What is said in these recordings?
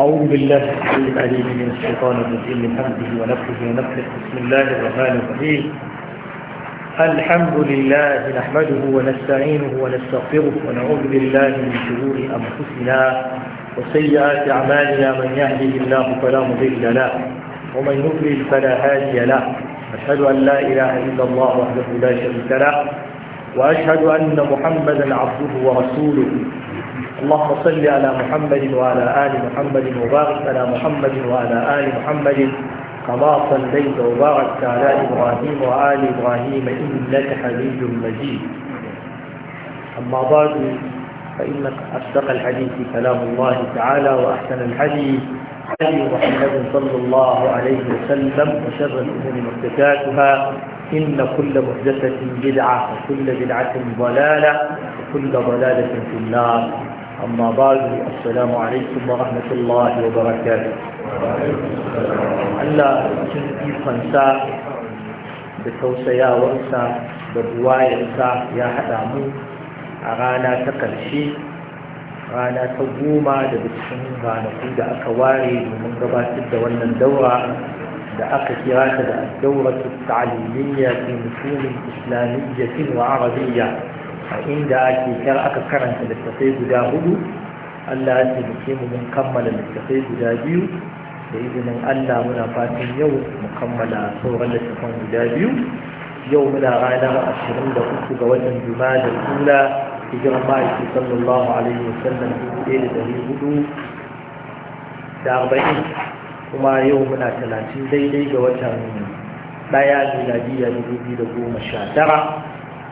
أعوذ بالله السميع العليم من الشيطان الرجيم من حمده ونفسه ونفخه بسم الله الرحمن الرحيم الحمد لله نحمده ونستعينه ونستغفره ونعوذ بالله من شرور أنفسنا وسيئات أعمالنا من يهده الله فلا مضل له ومن يضلل فلا هادي له أشهد أن لا إله إلا الله وحده لا شريك له وأشهد أن محمدا عبده ورسوله اللهم صل على محمد وعلى آل محمد وبارك على محمد وعلى آل محمد كما صليت وباركت على إبراهيم وآل إبراهيم إنك حميد مجيد أما بعد فإن أصدق الحديث كلام الله تعالى وأحسن الحديث هدي محمد صلى الله عليه وسلم وشر الأمور محدثاتها إن كل محدثة بدعة وكل بدعة ضلالة وكل ضلالة في النار أما بعد السلام عليكم ورحمة الله وبركاته Allah cikin ikonsa da tausayawarsa da buwayarsa ya haɗa mu a rana ta ƙarshe rana ta goma daga cikin ranaku da aka ware domin gabatar da wannan daura da aka kira ta da daura ta ta'alimiyya fi musulmin islamiyya wa arabiyya a inda ake kyar aka karanta littattafai guda hudu Allah ya taimake mu mun kammala littattafai guda biyu da izinin Allah muna fatan yau mu kammala sauran littattafan guda biyu yau muna ranar ashirin da uku ga watan juma'a da kula hijiran ma'aiki sallallahu alaihi wasallam dubu ɗaya da ɗari hudu da arba'in kuma yau muna talatin daidai ga watan ɗaya miladiya dubu biyu da goma sha tara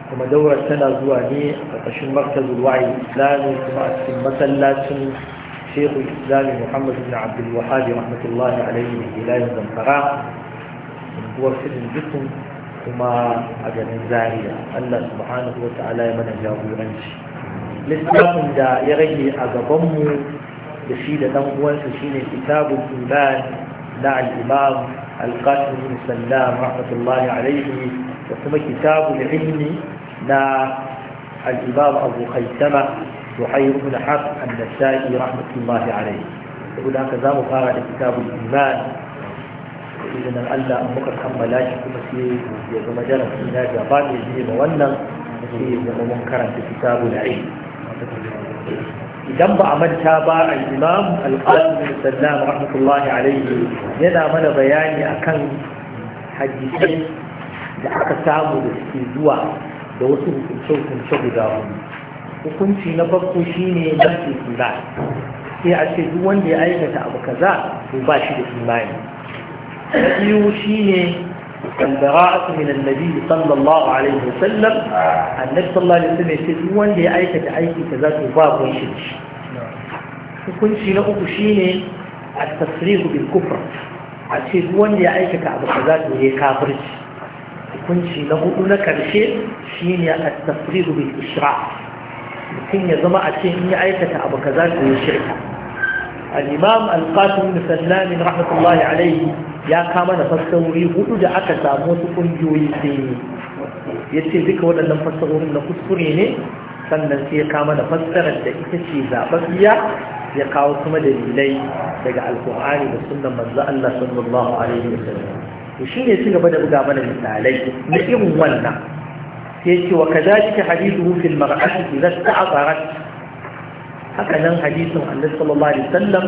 kuma daurar tana zuwa ne a ƙarƙashin markazin wa'i islami kuma a cikin masallacin shekul islami muhammad bin abdul wahabi rahmatullahi alaihi da ilayin zamfara unguwar filin dukkan kuma a garin zaria allah subhanahu wa ta'ala ya mana jagoranci littafin da ya rage a gabanmu da shi da ɗan uwansa shine kitabul iman na al-imam القاسم بن سلام رحمة الله عليه وكما كتاب ilmi نا الإمام أبو خيثمة وحير بن حق النسائي رحمة الله عليه يقول هكذا مقارنة كتاب الإيمان إذن ألا أمك الحملاش كما سيه ومجال فينا جابان يجيب ولا سيه ومنكرا في كتاب العين idan ba a manta ba al-imam al-qasim sallam rahmatullahi alayhi yana mana bayani akan hadisi da aka samu da suke zuwa da wasu hukunce-hukunce guda hudu hukunci na farko shine ne ke imani sai a ce duk wanda ya aikata abu to ba shi da imani na biyu shi ne kandara aka min sallallahu alaihi wasallam annabi sallallahu alaihi wasallam ya ce duk wanda ya aikata aiki kaza to ba kun shi hukunci na uku shi ne a tasirihu bil kufra a ce duk wanda ya aikata abu kaza to ya kafirci hukunci na hudu na karshe shine a tafridu bil ishraq mutum ya zama a ce in ya aikata abu kaza to ya shirka al-imam al-qasim bin sallam rahmatullahi alayhi ya kama na fassarori hudu da aka samu su kungiyoyi sai ya ce duka waɗannan fassarorin na kuskure ne sannan sai ya kama da fassarar da ita ce zaɓaɓɓiya ya kawo kuma dalilai daga alkur'ani da sunan manzo Allah sallallahu alaihi wasallam to shi ne ci gaba da buga mana misalai na irin wannan sai ce wa ka zalika hadithu fil mar'ati idza ta'abarat haka nan hadisin annabi sallallahu alaihi wasallam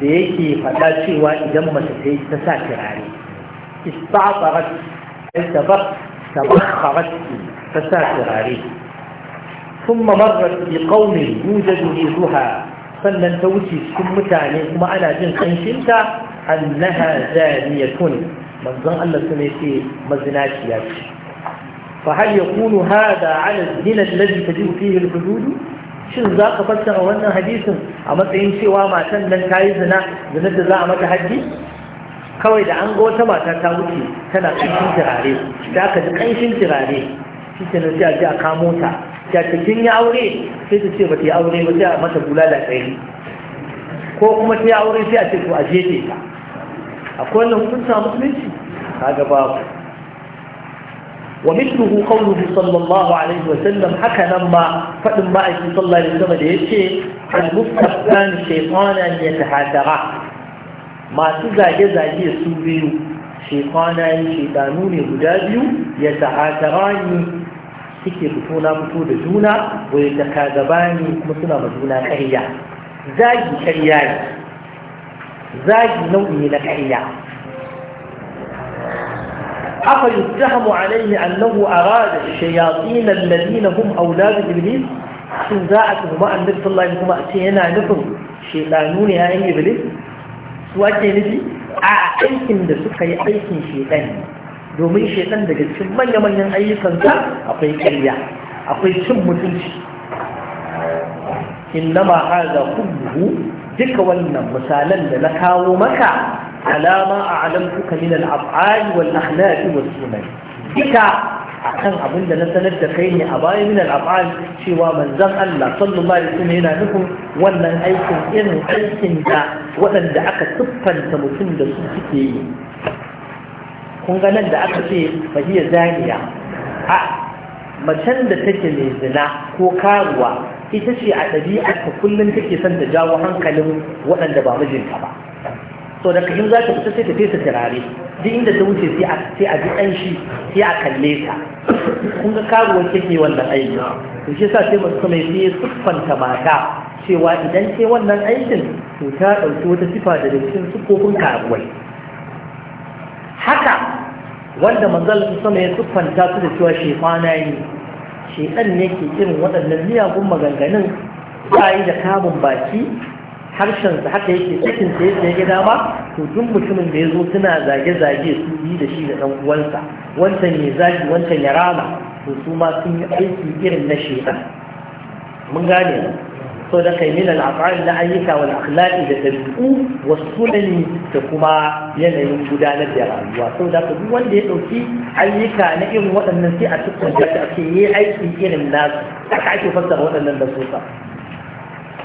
da yake faɗa cewa idan mace ta yi ta sa turare istabarat tabar tabakharat ta sa turare ثم مرت بقوم يوجد ريحها sannan ta wuce cikin mutane kuma ana jin kanshinta annaha zaniyatun manzon Allah sun yace mazinaciya ce fa hal yakunu hada ala zina alladhi tajibu fihi al-hudud shin za ka fassara wannan hadisin a matsayin cewa matan nan ta yi zina da za a mata haddi kawai da an ga wata mata ta wuce tana ƙanshin turare da aka ji ƙanshin turare shi ke nan sai a kamo ta ta ya aure sai ta ce ba ta yi aure ba sai a mata bulala tsaye ko kuma ta yi aure sai a ce ko a jefe ta akwai wannan hukunta musulunci kaga babu wa mithluhu qawluhu sallallahu alaihi wa sallam haka nan ma fadin ma'aiki sallallahu alaihi wa sallam da yace al-mustaqan shaytanan yatahadara masu zage-zage su biyu shaytanan shaytanu ne guda biyu yatahadarani suke fito na fito da juna wa yatakadabani kuma suna ma juna ƙarya zagi ƙarya ne زاج نوعي لكحية أفيتهم عليه أنه أراد الشياطين الذين هم أولاد إبليس حسن زاعته ما أنبت الله إنكم أتينا نفر شيطانون يا أي إبليس سواتي نجي أعيكم آه، دسوك أي أيكم شيطان دومي شيطان دقل شمع يمن ين أيكم زاع أفي كريا أفي شم مدلش إنما هذا كله duka wannan misalan da na kawo maka alama a alamtuka min al wal akhlaq wal sunan duka akan abin da na sanar da kai ne a baya min al cewa manzon Allah sallallahu alaihi wasallam yana nufin wannan aikin irin aikin da waɗanda aka tuffanta mutum da su suke yi kun ga nan da aka ce fahiyar zaniya a macen da take mai zina ko karuwa ita ce a ka kullum take son ta jawo hankalin waɗanda ba mijinta ba so da kahin za ta fita sai ta fesa turare duk inda ta wuce sai a ji ɗan shi sai a kalle ta kun ga karuwar kake wannan aiki to shi sa sai masu mai sai siffanta mata cewa idan ke wannan aikin to ta ɗauki wata sifa da cikin siffofin karuwai haka wanda manzal sama ya siffanta su da cewa shefana ne shekan ne ke irin waɗannan miyagun maganganun ba yi da kamun baki harshensa haka yake cikin sai ya gida ba. to duk mutumin da ya zo suna zage-zage su yi da shi da ɗan uwansa wancan ya zagi wancan ya rama to su ma sun yi aiki irin na shekaru. mun gane to da kai min al'afarin na ayyuka wani akhlaki da ɗabi'u wasu ne da kuma yanayin gudanar da rayuwa to da ku duk wanda ya ɗauki ayyuka na irin waɗannan sai a cikin da ta yi aiki irin na su aka ake fassara waɗannan da su ka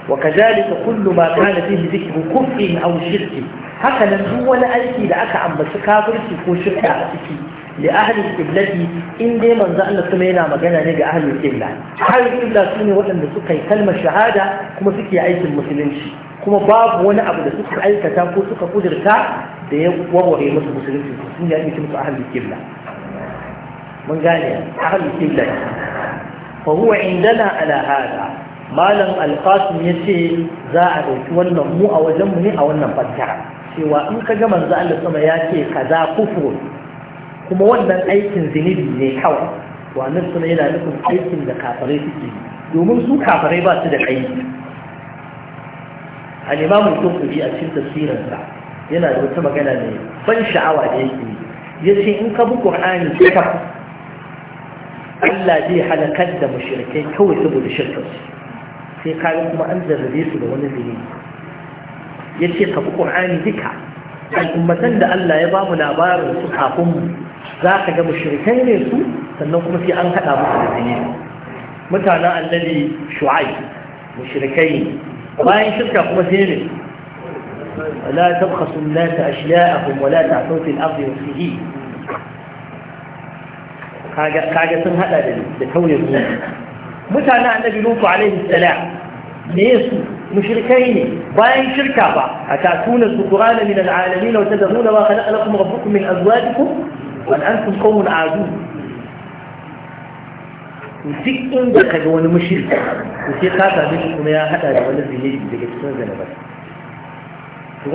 wa kazalika kullu ma kana fihi dhikru kufin aw shirki haka nan duk wani aiki da aka ambaci kafirci ko shirka a ciki li ahli qiblati in dai manzo Allah kuma yana magana ne ga ahli qibla ahli qibla sune waɗanda suka yi kalmar shahada kuma suke aikin musulunci kuma babu wani abu da suka aikata ko suka kudirta da ya warware musu musulunci sun yi aikin su ahli qibla mun gane ahli qibla fa huwa indana ala hada malam alqasim yace za a dauki wannan mu a wajen mu ne a wannan fassara cewa in ka ga manzo Allah sama ya ce kaza kufur kuma wannan aikin zinibi ne kawai to annabi yana nufin aikin da kafirai suke domin su kafarai ba su da kai al-imam a cikin tasirinsa yana da wata magana ne ban sha'awa da yake ce in ka bi ƙur'ani ka Allah zai halakar da mushrikai kawai saboda shirkar sai kayan kuma an zarrabe su da wani Ya yace ka bi ƙur'ani duka al'ummatan da Allah ya bamu labarin su kafin mu za ka ga mushrikai ne su sannan kuma sai an kada musu da dini mutanen alladi shu'ai mushrikai bayan shirka kuma sai ne لا تبخسوا الناس أشياءهم ولا تعثوا في الأرض وفيه كاجة سنها لتوي الزوج مثلا أن نبي لوط عليه السلام ليس مشركين باين شركة با. أتعثون الزقران من العالمين وتدعون ما خلق لكم ربكم من أزواجكم bal antum qawmun adu duk inda ka ga wani mushrik to sai ka same shi kuma ya hada da wani zunubi daga cikin zanabar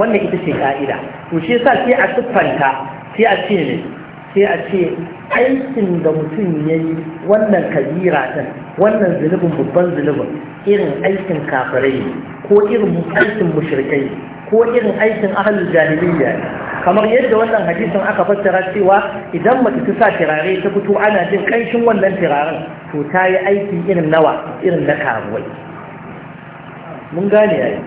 wannan ita ce ka'ida to shi yasa sai a siffanta sai a ce ne sai a ce aikin da mutum ya yi wannan kabira ɗin wannan zunubin babban zunubin irin aikin kafirai ko irin aikin mushrikai ko irin aikin ahalul jahiliyya ne kamar yadda wannan hadisin aka fassara cewa idan mace ta sa turare ta fito ana jin kanshin wannan turaren to ta yi aiki irin nawa irin na karuwai mun gane ya yi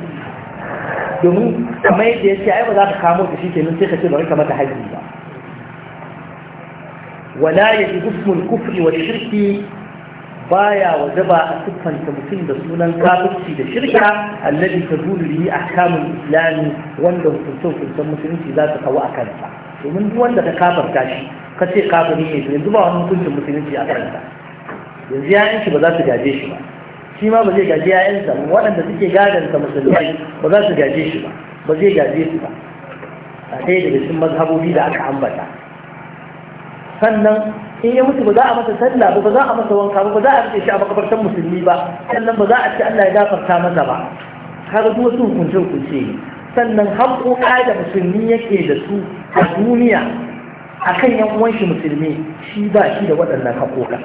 domin kamar yadda ya ce ai ba za ka kamo ta shi ke nan sai ka ce bari ka mata haji ba wala yajibu ismul kufri wa shirki baya wajaba a siffanta mutum da sunan kafirci da shirka allazi tazulu bihi ahkamul islami wanda hukuncin hukuncin musulunci za su kawo a kansa domin duk wanda ka kafarta shi ka ce kafiri ne yanzu ba wani hukuncin musulunci a kansa yanzu ya'yan shi ba za su gaje shi ba shi ma ba zai gaje ya'yansa ba waɗanda suke gadansa musulmai ba za su gaje shi ba ba zai gaje su ba a ɗaya daga cikin mazhabobi da aka ambata sannan in ya mutu ba za a masa sallah ba ba za a masa wanka ba za a rike shi a makabartan musulmi ba sannan ba za a ce Allah ya gafarta masa ba har duk wasu hukunce hukunce sannan haƙoƙa da musulmi yake da su a duniya akan yan uwan shi musulmi shi ba shi da waɗannan haƙoƙa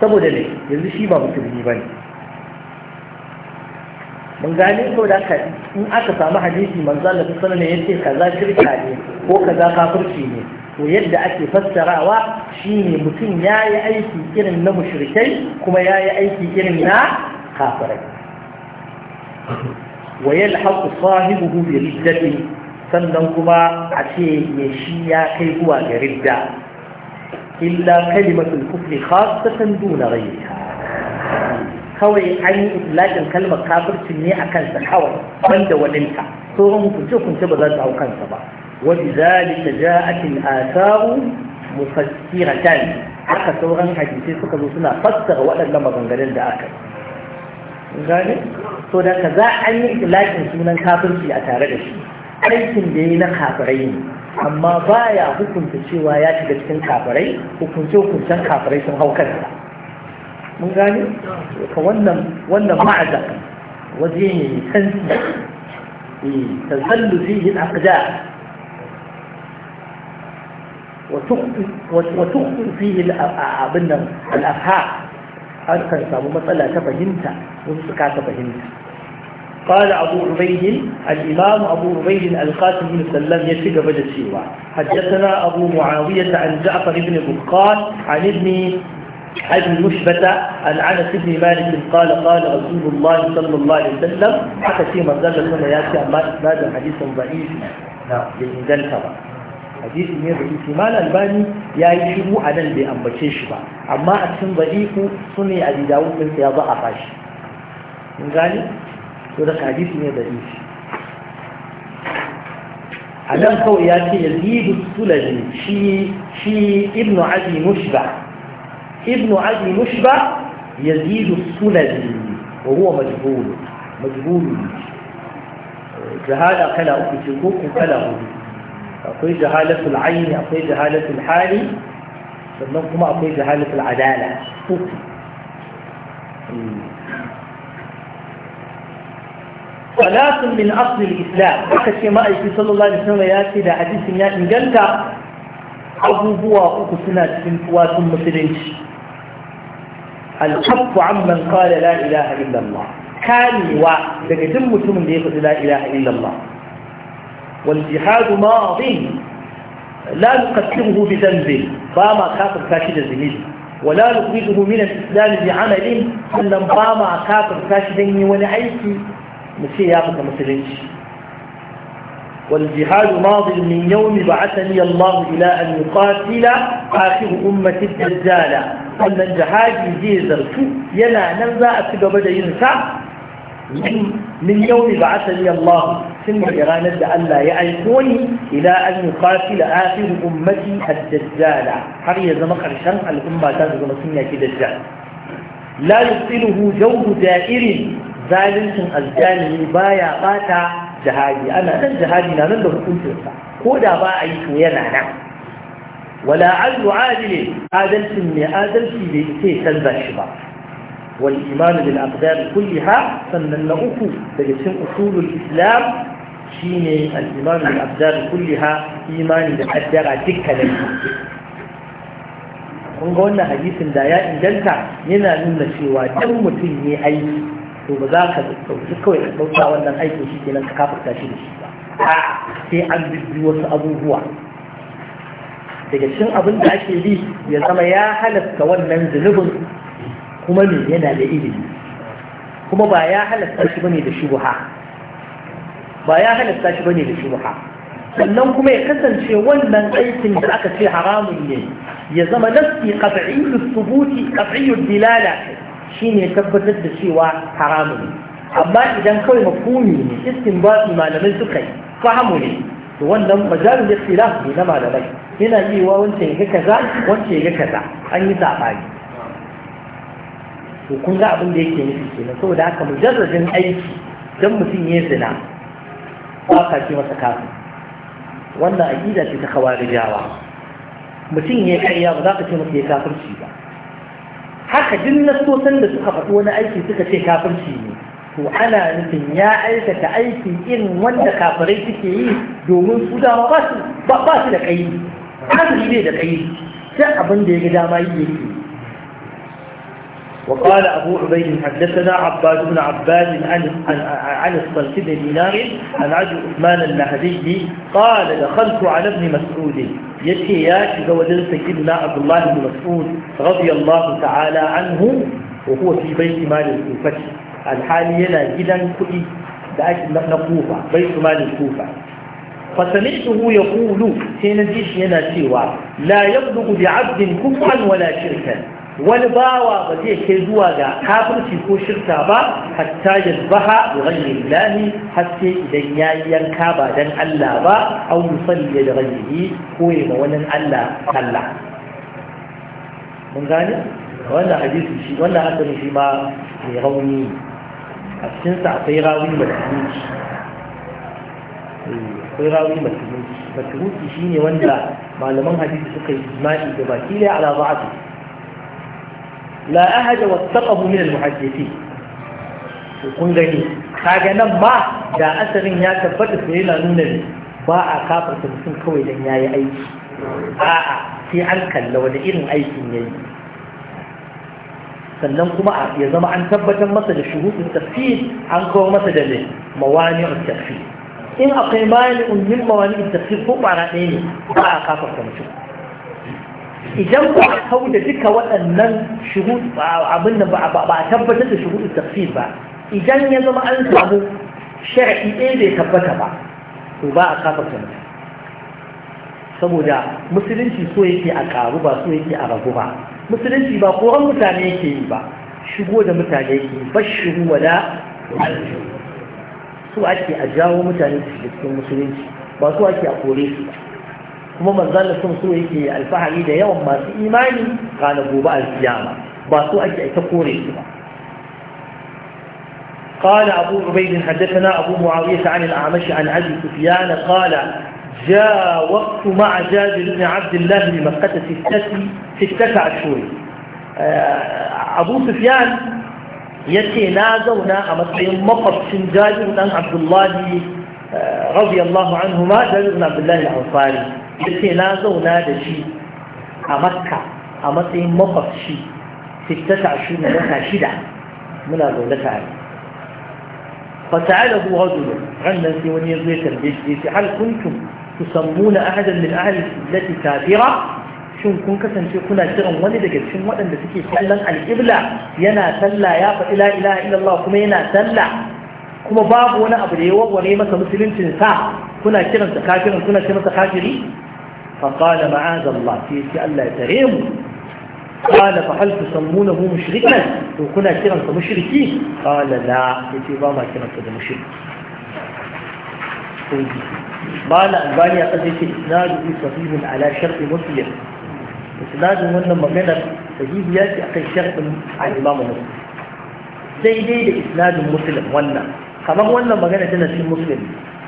saboda ne yanzu shi ba musulmi ba ne mun gane ko da ka in aka samu hadisi manzo Allah sallallahu alaihi wasallam yace kaza shirka ne ko kaza kafirci ne to yadda ake fassarawa shine mutum ya yi aiki irin na mushrikai kuma ya yi aiki irin na kafirai wayal yalhaqu sahibuhu bi riddati sannan kuma a ce mai shi ya kai zuwa ga ridda illa kalimatul kufri khassatan duna ghayriha kawai an yi itlaqin kalmar kafirci ne a kansa kawai banda wadinta sauran hukunce hukunce ba za su hau kansa ba وبذلك جاءت الآثار مفسرة haka sauran hadisai suka zo suna fassara waɗannan maganganun da aka gane so da ka za a yi ilakin sunan kafirci a tare da shi aikin da ya yi na kafirai ne amma baya hukunta cewa ya shiga cikin kafirai hukunce hukuncen kafirai sun hau kansa mun gane ka wannan wannan ma'aza waje ne santi tazallu fihi al-aqda وتخطئ فيه الأفهام كان سامو مسألة تفهمت ومسكا تفهمت قال أبو عبيد الإمام أبو عبيد القاسم بن سلم يشق بدا سيوا حدثنا أبو معاوية عن جعفر بن بقال عن ابن أبي مشبة عن عنس بن مالك قال قال رسول الله صلى الله عليه وسلم حتى في مزال لكم ياتي ما هذا الحديث ضعيف نعم لإنزال تبع hadisi ne da isi mal albani ya yi shiru a nan bai ambace shi ba amma a cikin ba'iku su ne a didawun ɗinsa ya za a fashi in gani to da hadisi ne da isi a nan ya ce yazidu sulami shi shi ibnu abi mushba ibnu abi mushba yazidu sulami wa huwa majhul majhul jahada kala uku ce ko kala hudu akwai جهالة العين akwai جهالة الحال sannan kuma akwai jahalatul adala ثلاث من أصل الإسلام وكشي ما أيكي صلى الله عليه وسلم ياتي دا حديث يا إنجلتا أبو بوا أكو سنة من قوات مسلمش الحق عمن قال لا إله إلا الله كان وا دقدم متم ليقول لا إله إلا الله والجهاد ماض لا نقدمه بذنب باما كافر فاشد زميل ولا نخرجه من الإسلام بعمل سلم باما كافر فاشد ونعيكي مسيح يابك مسلمش والجهاد ماض من يوم بعثني الله إلى أن يقاتل آخر أمة الدجال ان الجهاد zai zartu يلا nan za a ينسى من يوم بعثني الله tun daga ranar da Allah ya aiko ni ila an yuqatil akhir ummati ad-dajjal har ya zama karshen al'umma ta zama sun yaki dajjal la yusiluhu jawdu da'irin zalincin aljani baya bata jihadi ana nan jihadi na nan da hukuncinsa ko da ba a yi to yana nan wala allu adili adalcin mai adalci bai ce canza shi ba wal imanu bil aqdar kulliha sannan na uku daga cikin usulul islam shine ne iman bil abdar kulliha imani da qaddara dukkanin kun ga wannan hadisin da ya inganta yana nuna cewa dan mutum ne aiki to ba za ka dauki kawai ka dauka wannan aikin shi nan ka kafirta shi da shi ba sai an bibbi wasu abubuwa daga cikin abin da ake bi ya zama ya halasta wannan zunubin kuma ne yana da ilimi kuma ba ya halasta shi bane da shubha ba ya halatta shi bane da shubha sannan kuma ya kasance wannan aikin da aka ce haramun ne ya zama nafsi qat'iyyus thubuti dilala shine tabbatar da cewa haramun ne amma idan kawai mafhumi ne istinbati malamai suka yi fahimu ne to wannan majalul ikhtilaf ne na malamai yana yi wa wancan ya kaza wancan ya kaza an yi sabani to kun ga abin da yake nufi kenan saboda haka mujarradin aiki dan mutum ya zina ba ce masa kafin wannan aƙida ce ta da jawa mutum ya karya ba za ka ce masa ya kafirci ba haka duk nasosan da suka faɗi wani aiki suka ce kafirci ne to ana nufin ya aikata aiki irin wanda kafirai suke yi domin su dama ba su da kai ba su da kai sai abin da ya ga dama yi yake وقال أبو عبيد حدثنا عباد بن عباد عن الصلت بن دينار عن عبد عثمان المهدي قال دخلت على ابن مسعود يشكي يا سيدنا عبد الله بن مسعود رضي الله تعالى عنه وهو في بيت مال الكوفة الحال يلا جدا كئي دعاك نقوفة بيت مال الكوفة فسمعته يقول سينجيش ينا سوى لا يبلغ بعبد كفرا ولا شركا wani bawa ba zai kai zuwa ga kafirci ko shirka ba hatta yadbaha bi ghayri llahi haske idan ya yi yanka ba dan Allah ba aw yusalli da ghayrihi ko ya ma wani Allah Allah mun gane wannan hadisi shi wannan hadisi shi ma mai rauni a cikin sa akwai rawi matruki eh, akwai rawi matruki shi ne wanda malaman hadisi suka yi jima'i da baki ne ala ba'ati la ahada wattaqahu min al-muhaddithin kun gani kaga nan ba da asalin ya tabbata sai yana nuna ne ba a kafarta mutum kawai dan yayi aiki a'a sai an kalla wani irin aikin yayi sannan kuma ya zama an tabbatar masa da shuhudin tafsir an kawo masa da ne mawani'ut tafsir in akwai mani min mawani'ut tafsir ko bara ɗaya ne ba a kafarta mutum idan ku a kau da duka waɗannan abin da ba a tabbatar da shuhudu tafsir ba idan ya zama an samu shari'i ɗaya bai tabbata ba to ba a kafa mutum saboda musulunci so yake a karu ba so yake a ragu ba musulunci ba koran mutane yake yi ba shigo da mutane yake yi bashiru wada so ake a jawo mutane su cikin musulunci ba so ake a kore su ba kuma manzan sun so yake alfahari da yawan masu imani kana gobe alkiyama ba su ake ta kore su ba قال أبو عبيد حدثنا أبو معاوية عن الأعمش عن أبي سفيان قال جاء وقت مع جابر بن عبد الله بمكة ستة ستة أشهر آه، أبو سفيان يتي نازونا أمسعين مقف جابر بن عبد الله آه، رضي الله عنهما جابر بن عبد الله الأنصاري ya ce na zauna da shi a makka a matsayin makwabci sittata a na wata shida muna zaune tare fasa'alahu rajulun rannan sai wani ya ya tambaye shi ya ce hal kuntum tusammuna ahadan min ahli kafira shin kun kasance kuna kiran wani daga cikin waɗanda suke kallon alƙibla yana sallah ya faɗi la ilaha illallah kuma yana sallah kuma babu wani abu da ya warware masa musuluncin sa كنا كنا كافر كنا كنا كافري فقال معاذ الله في الا الله يتريم قال فهل تسمونه مشركا وكنا كنا مشركين قال لا في ما كنا مشرك قال الباني قد يكون إسناده صحيح على شرط مسلم إسناده من مغنى صحيح يأتي أقل شرط عن الإمام مسلم زي دي إسناد مسلم ولا كما هو ولا مغنى تنسي مسلم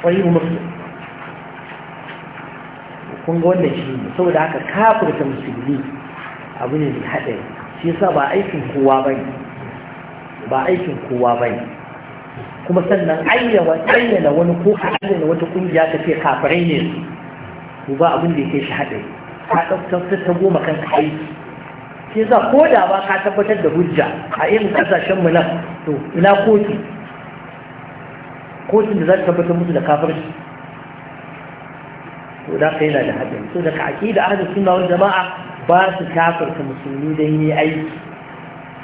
صحيح مسلم kun ga wannan shi ne saboda haka kafirta musulmi abu ne mai haɗari shi yasa ba aikin kowa ba ne ba aikin kowa ba ne kuma sannan ayyana wani ko ka ayyana wata kungiya ka ce kafirai ne su ba abin da yake shi haɗari ka ɗaukar ta goma kanka aiki shi yasa ko da ba ka tabbatar da hujja a irin ƙasashen mu nan to ina kotu kotun da za ta tabbatar musu da kafirci to da kai na da haɗin so da kaki da ahli sunna wani jama'a ba su kafirta musulmi dan yi aiki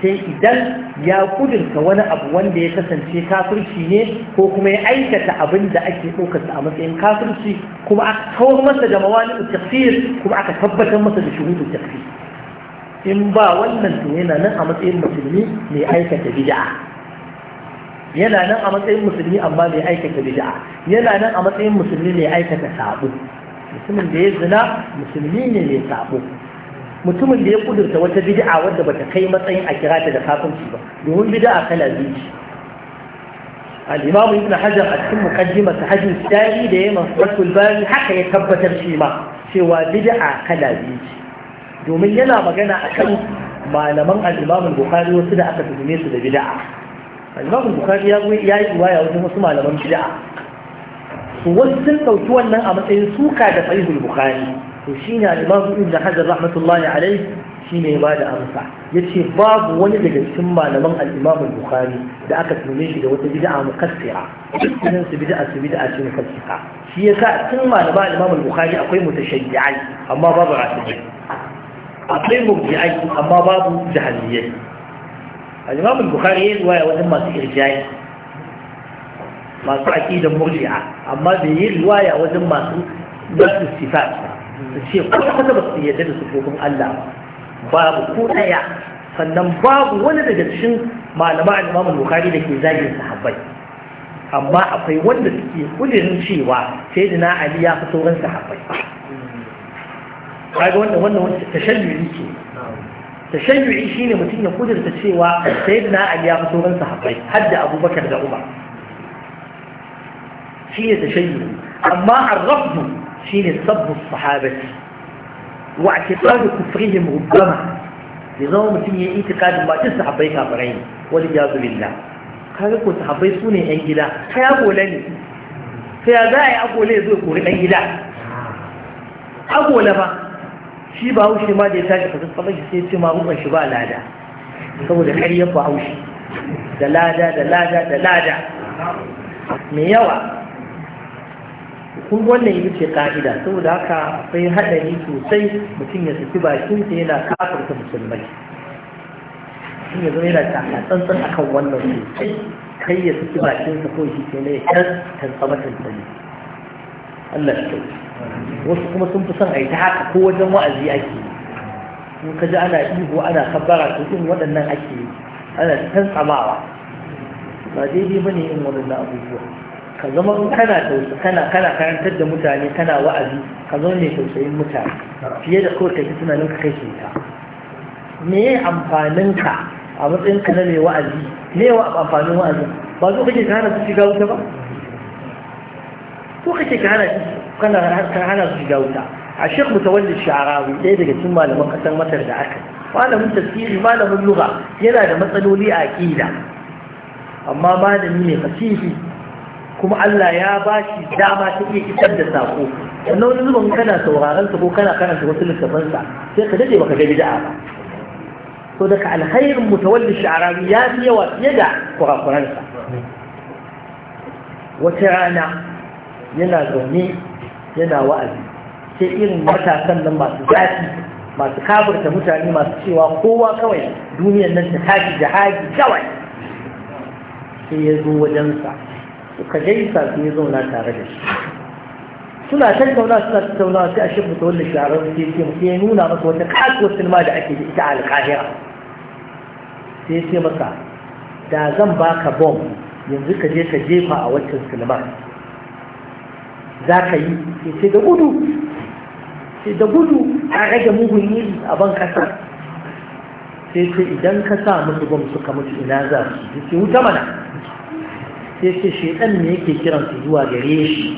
sai idan ya kudurta wani abu wanda ya kasance kafirci ne ko kuma ya aikata abin da ake ɗaukarsa a matsayin kafirci kuma aka kawar masa da mawani tafsir kuma aka tabbatar masa da shuhudu tafsir in ba wannan to yana nan a matsayin musulmi mai aikata bid'a yana nan a matsayin musulmi amma mai aikata bid'a yana nan a matsayin musulmi mai aikata sabo mutumin da ya zina musulmi ne mai sabo mutumin da ya kudurta wata bid'a wadda bata kai matsayin a ta da kafinci ba domin bid'a kala biyu al-imam ibn hajar a cikin muqaddimar hajjin sari da ya fatul bari haka ya tabbatar shi ma cewa bid'a kala biyu domin yana magana akan malaman al Bukari wasu da aka tuhume su da bid'a al Bukari ya yi waya wajen wasu malaman bid'a wasu sun ɗauki wannan a matsayin suka da sahihul bukhari to shine al-imam ibn hajar rahmatullahi alayhi shine ya bada amsa yace babu wani daga cikin malaman al-imam bukhari da aka tume shi da wata bid'a mukassira cikin su bid'a su bid'a cikin mukassira shi yasa cikin malaman al-imam bukhari akwai mutashayyi'ai amma babu rafidi akwai murji'ai amma babu jahiliyai al-imam bukhari ya zuwa wajen masu irjai masu aƙidan murji'a amma da yi riwaya wajen masu nasu sifat su ce kwata ba su yadda da sufofin Allah babu ko ɗaya sannan babu wani daga cikin malama al-Imam Bukhari da ke zagin sahabbai amma akwai wanda suke kudirin cewa sayyidina Ali ya fi sauran sahabbai kaga wannan wannan wani tashayyuri ke tashayyuri shine mutum ya kudirta cewa sayyidina Ali ya fi sauran sahabbai har da Abubakar da Umar شيء تشيع أما الرفض شيء سب الصحابة واعتقاد كفرهم ربما لزوم في اعتقاد ما تستحبي كافرين والعياذ بالله kaga ko sahabbai su ne 'yan gida ya agola ne sai ya za a yi agola ya zo kori ɗan gida agola ba shi ba haushi ma da ya tashi fasar fasar shi sai ce ma rukun shi ba lada saboda karya ba haushi da lada da lada da lada mai yawa kun wannan yi ce ka'ida saboda haka akwai haɗari sosai mutum ya saki bakinsa yana kafarta musulmai sun ya zama yana ta tsantsan akan wannan sosai kai ya saki bakinsa ko shi ke ne kan tantsama tantsani Allah shi kai wasu kuma sun fi son a yi ta haka ko wajen wa'azi ake in ka ji ana ihu ana kabbara ko in waɗannan ake ana tantsamawa ba daidai ba ne in waɗannan abubuwa ka zama kana tausayi kana kana karantar da mutane kana wa'azi ka zama mai tausayin mutane fiye da kawai kai tunanin ka kai ta me amfanin ka a matsayin ka na mai wa'azi me wa amfanin wa'azi, ba zo kake ka hana su shiga wuta ba ko kake ka hana kana ka hana su shiga wuta a shek mutawalli sha'arawi ɗaya daga cikin malaman ƙasar masar da aka malamin tafsiri malamin lura yana da matsaloli a ƙida. amma malami ne fasihi kuma Allah ya ba shi dama ta iya isar da sako Wannan wani zuban kana sauraron sa ko kana karanta wasu littafan sa sai ka dade baka ga bid'a ba to daga alkhairin mutawalli sha'arawi ya fi yawa fiye da kurakuran sa wata rana yana zaune yana wa'azi sai irin matasan nan masu zafi masu kaburta mutane masu cewa kowa kawai duniyar nan ta tashi jihadi kawai sai ya zo wajensa suka gaisa su yi zauna tare da shi suna tattauna suna tattauna sai a shirka ta wanda shahararra sai ce mutu ya nuna masa wata kasuwar sinima da ake da ita alkahira sai ce masa da zan baka bom yanzu ka je ka jefa a wancan sinima za ka yi sai da gudu sai da gudu a rage mugun yi a ban kasa sai ce idan ka sa musu bom suka mutu ina za su ce wuta mana sai ce shaidan ne yake kiran su zuwa gare shi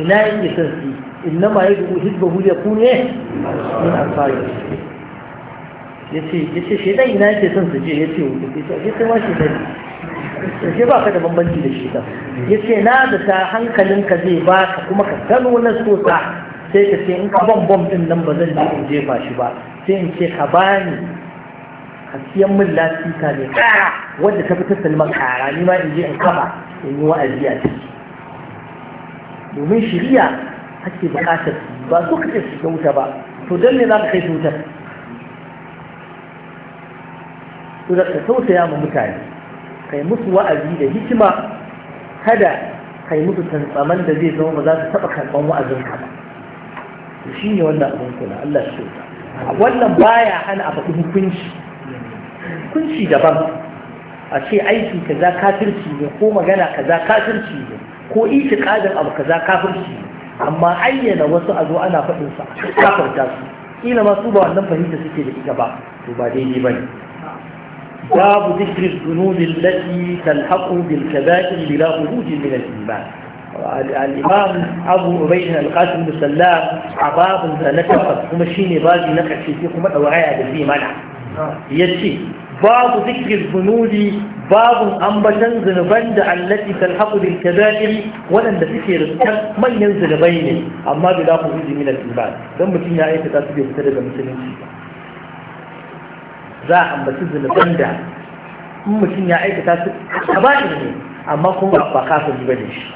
ina yin da san su inna ma ya dubu hizba Hulya ku ne eh? min alfari ya ce ya shaidan ina yake son su je ya ce wuce ya ce ma shaidan ya ba ka da bambanci da shaidan ya ce na da ta hankalin ka zai ba ka kuma ka gano na sosa sai ka ce in ka bambam din nan ba zan je in jefa shi ba sai in ce ka bani a siyan min lafika ne kara wadda ta fi ta salman kara ni ma in je in kaba in yi wa'azi a ciki domin shiriya ake bukatar ba su kake su wuta ba to don ne za ka kai wutar to da ka tausaya ma mutane kai musu wa'azi da hikima kada kai musu tantsaman da zai zama ba za su taɓa karɓan wa'azin ka ba shi ne wannan abin kula Allah shi wannan baya hana a faɗi hukunci hukunci daban a ce aiki kaza kafirci ne ko magana kaza kafirci ne ko itikadin abu kaza kafirci ne amma ayyana wasu a zo ana faɗin sa kafirta su kila ma su ba wannan fahimta suke da ita ba to ba daidai ba ne babu dhikri dhunubi allati talhaqu bil kaba'ir bila khuruj min al iman al-imam abu ubayd al-qasim bin sallam ababun da na tabbata kuma shine bazi na kace sai kuma dawaya da zai mana Ya ce babu zikirin zunubi babu ambatan zunuban da allati talhaqu bil kaba'ir waɗanda suke riskar manyan zunubai ne amma bi da ku izini na tiba dan mutum ya aikata su bai fita daga musulunci za a ambaci zunuban da in mutum ya aikata su kaba'ir ne amma kuma ba kafin ba ne shi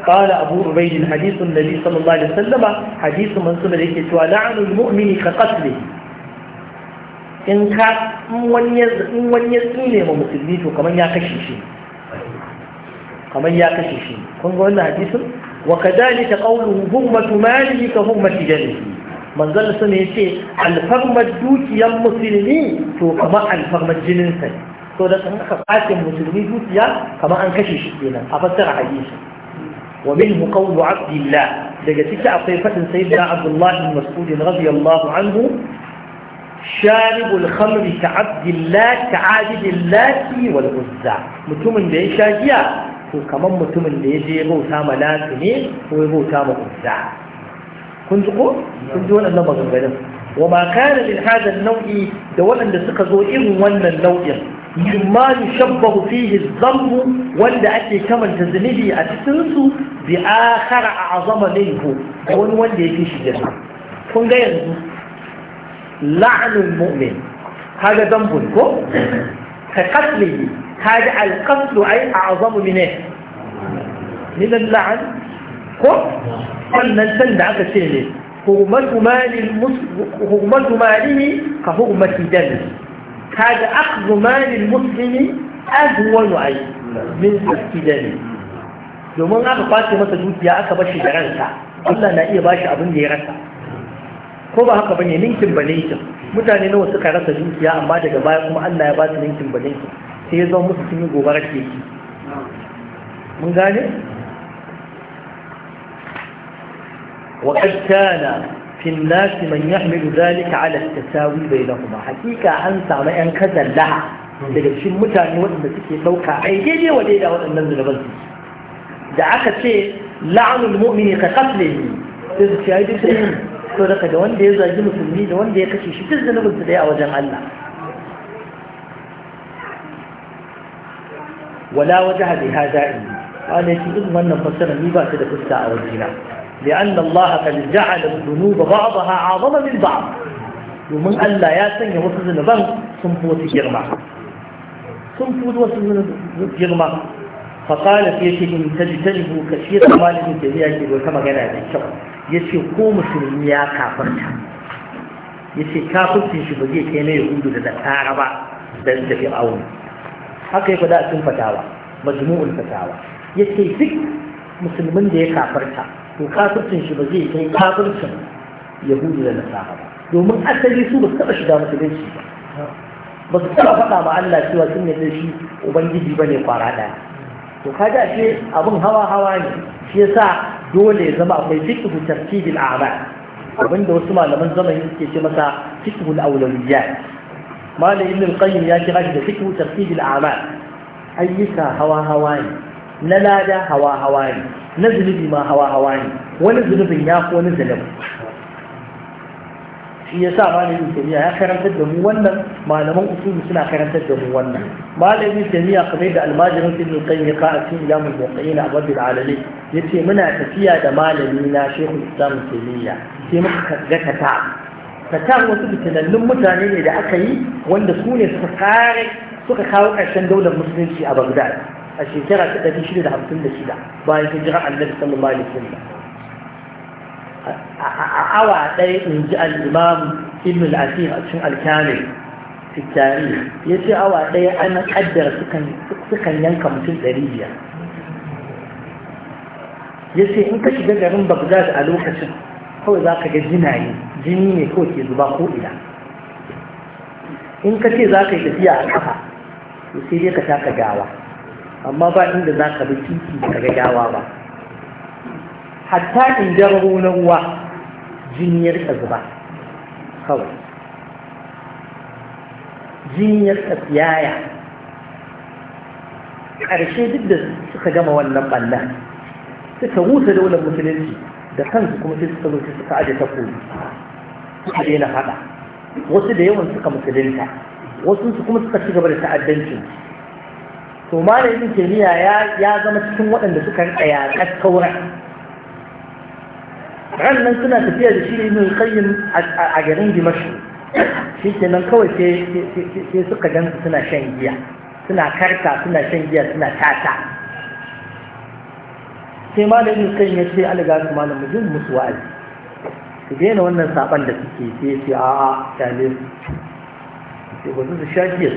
قال أبو عبيد حديث النبي صلى الله عليه وسلم حديث منصوب لك لعن المؤمن كقتله in ka in wani ya in tsine ma musulmi to kamar ya kashe shi kamar ya kashe shi kun ga wannan hadisin wa kadalika qawluhu hummatu malihi ka hummati jalihi manzon sun yace alfarma dukiyar musulmi to kamar alfarma jinin sa to da kan ka fatin musulmi dukiya kamar an kashe shi kenan a fassara hadisi wa minhu qawlu abdillah daga ciki akwai fadin sayyidina abdullah bin mas'ud radiyallahu anhu شارب الخمر كعبد الله كعابد الله والعزى متوم ده يشاجيا to kaman mutumin da ya je bauta ma lati ne ko bauta ma uzza kun ji ko kun ji wannan maganganun wa ma kana min hadha an-naw'i da waɗanda suka zo irin wannan nau'in mimma yushabbahu fihi adh wanda ake kamanta zunubi a cikin su bi akhara a'zama wani wanda yake shi da kun yanzu la'anul mu'min kaga zambun ko ka kasli kaga alkaslu ai a azamu mine eh? Minan la'an ko wannan san da aka ce ne hurmatu malil hurmatu malihi ka hurmati dami kaga akhdhu malil muslimi ahwanu ai min akhdhi dami domin aka kwace masa dukiya aka bashi da ransa Allah na iya bashi abin da ya rasa ko ba haka bane ninkin ba ninkin mutane nawa suka rasa dukiya amma daga baya kuma Allah ya ba su ninkin ba ninkin sai ya zama musu sun yi gobarar keke mun gane وقد كان في الناس من يحمل ذلك على التساوي بينهما حقيقة أن سامع أن كذا لها daga cikin mutane waɗanda suke ɗauka a daidai wa daida waɗannan zunuban su da aka ce la'anul mu'mini ka kasle ne sai su ce ai duk sai so daga da wanda ya zagi musulmi da wanda ya kashe shi duk zanubin su daya a wajen Allah wala wajaha bi hada'i wanda shi duk wannan fasara ni ba ta da fuska a wajena لأن الله قد جعل الذنوب بعضها أعظم من بعض domin Allah ya sanya wasu zunuban sun fi wasu girma sun fi wasu girma faƙalar ya ce in tajitalibu kashiyar malumin da ya ke wata magana da kyau yace ko musulmi ya kafarta yace kafircin shi ba zai kai na yahudu da nasara ba da tafi fir'aun haka yi faɗa a cikin fatawa majmu'ul fatawa yace duk musulmin da ya kafarta to kafircin shi ba zai kai yahudu da nasara ba domin asali su ba su taɓa shiga musulunci ba ba su taɓa faɗa ma Allah cewa sun yadda shi ubangiji ba ne kwara ɗaya to a ce abin hawa hawa ne shi yasa dole ya zama akwai fiqhu tartibil a'mal abinda wasu malaman zamani suke ce masa fiqhu al Malamin malam ibn al-qayyim ya kira shi da fiqhu tartibil a'mal ayyuka hawa hawa ne na lada hawa hawa ne na zunubi ma hawa hawa ne wani zunubin ya fi wani zunubi shi ya sa malamin jami'a ya karantar da mu wannan malaman usulu suna karantar da mu wannan malamin jami'a kamar da almajirin ibn qayyim ya ka'a cikin ilamul muqayyin a babil alalai yace muna tafiya da malami na shehu islam tamiya sai muka ga kata kata wasu fitinannun mutane ne da aka yi wanda su ne suka kare suka kawo ƙarshen daular musulunci a bagdad a shekara ta shida bayan hijira annabi sallallahu alaihi wasallam a awa ɗaya in ji al'imam ibn al'asir a cikin alkamil fitari ya ce awa ɗaya an ƙaddar sukan yanka mutum ɗari biyar ya ce in ka shiga garin bagdad a lokacin kawai za ka ga jinaye jini ne kawai ke zuba ko ina in ka ce za ka yi tafiya a ƙafa, to sai dai ka taka gawa amma ba inda za ka bi titi ka ga gawa ba hatta in jarabo na ruwa jini ya rika zuba kawai jini ya rika tsiyaya ƙarshe duk da suka gama wannan ɓannan suka rusa daular musulunci da kansu kuma sai suka rusa suka aje takobi suka daina haɗa, wasu da yawan suka musulunta wasu su kuma suka ci gaba da ta'addanci to malamin kimiyya ya zama cikin waɗanda suka rika yaƙar kauran Ran nan suna tafiya da shi da ibn qayyim a garin dimashi shi ke nan kawai sai suka gansu suna shan giya suna karta suna shan giya suna tata sai malamin kan ya ce alaga su malamin jin musu wa'azi su daina wannan saban da suke sai ce a a kyale sai ba su sha giya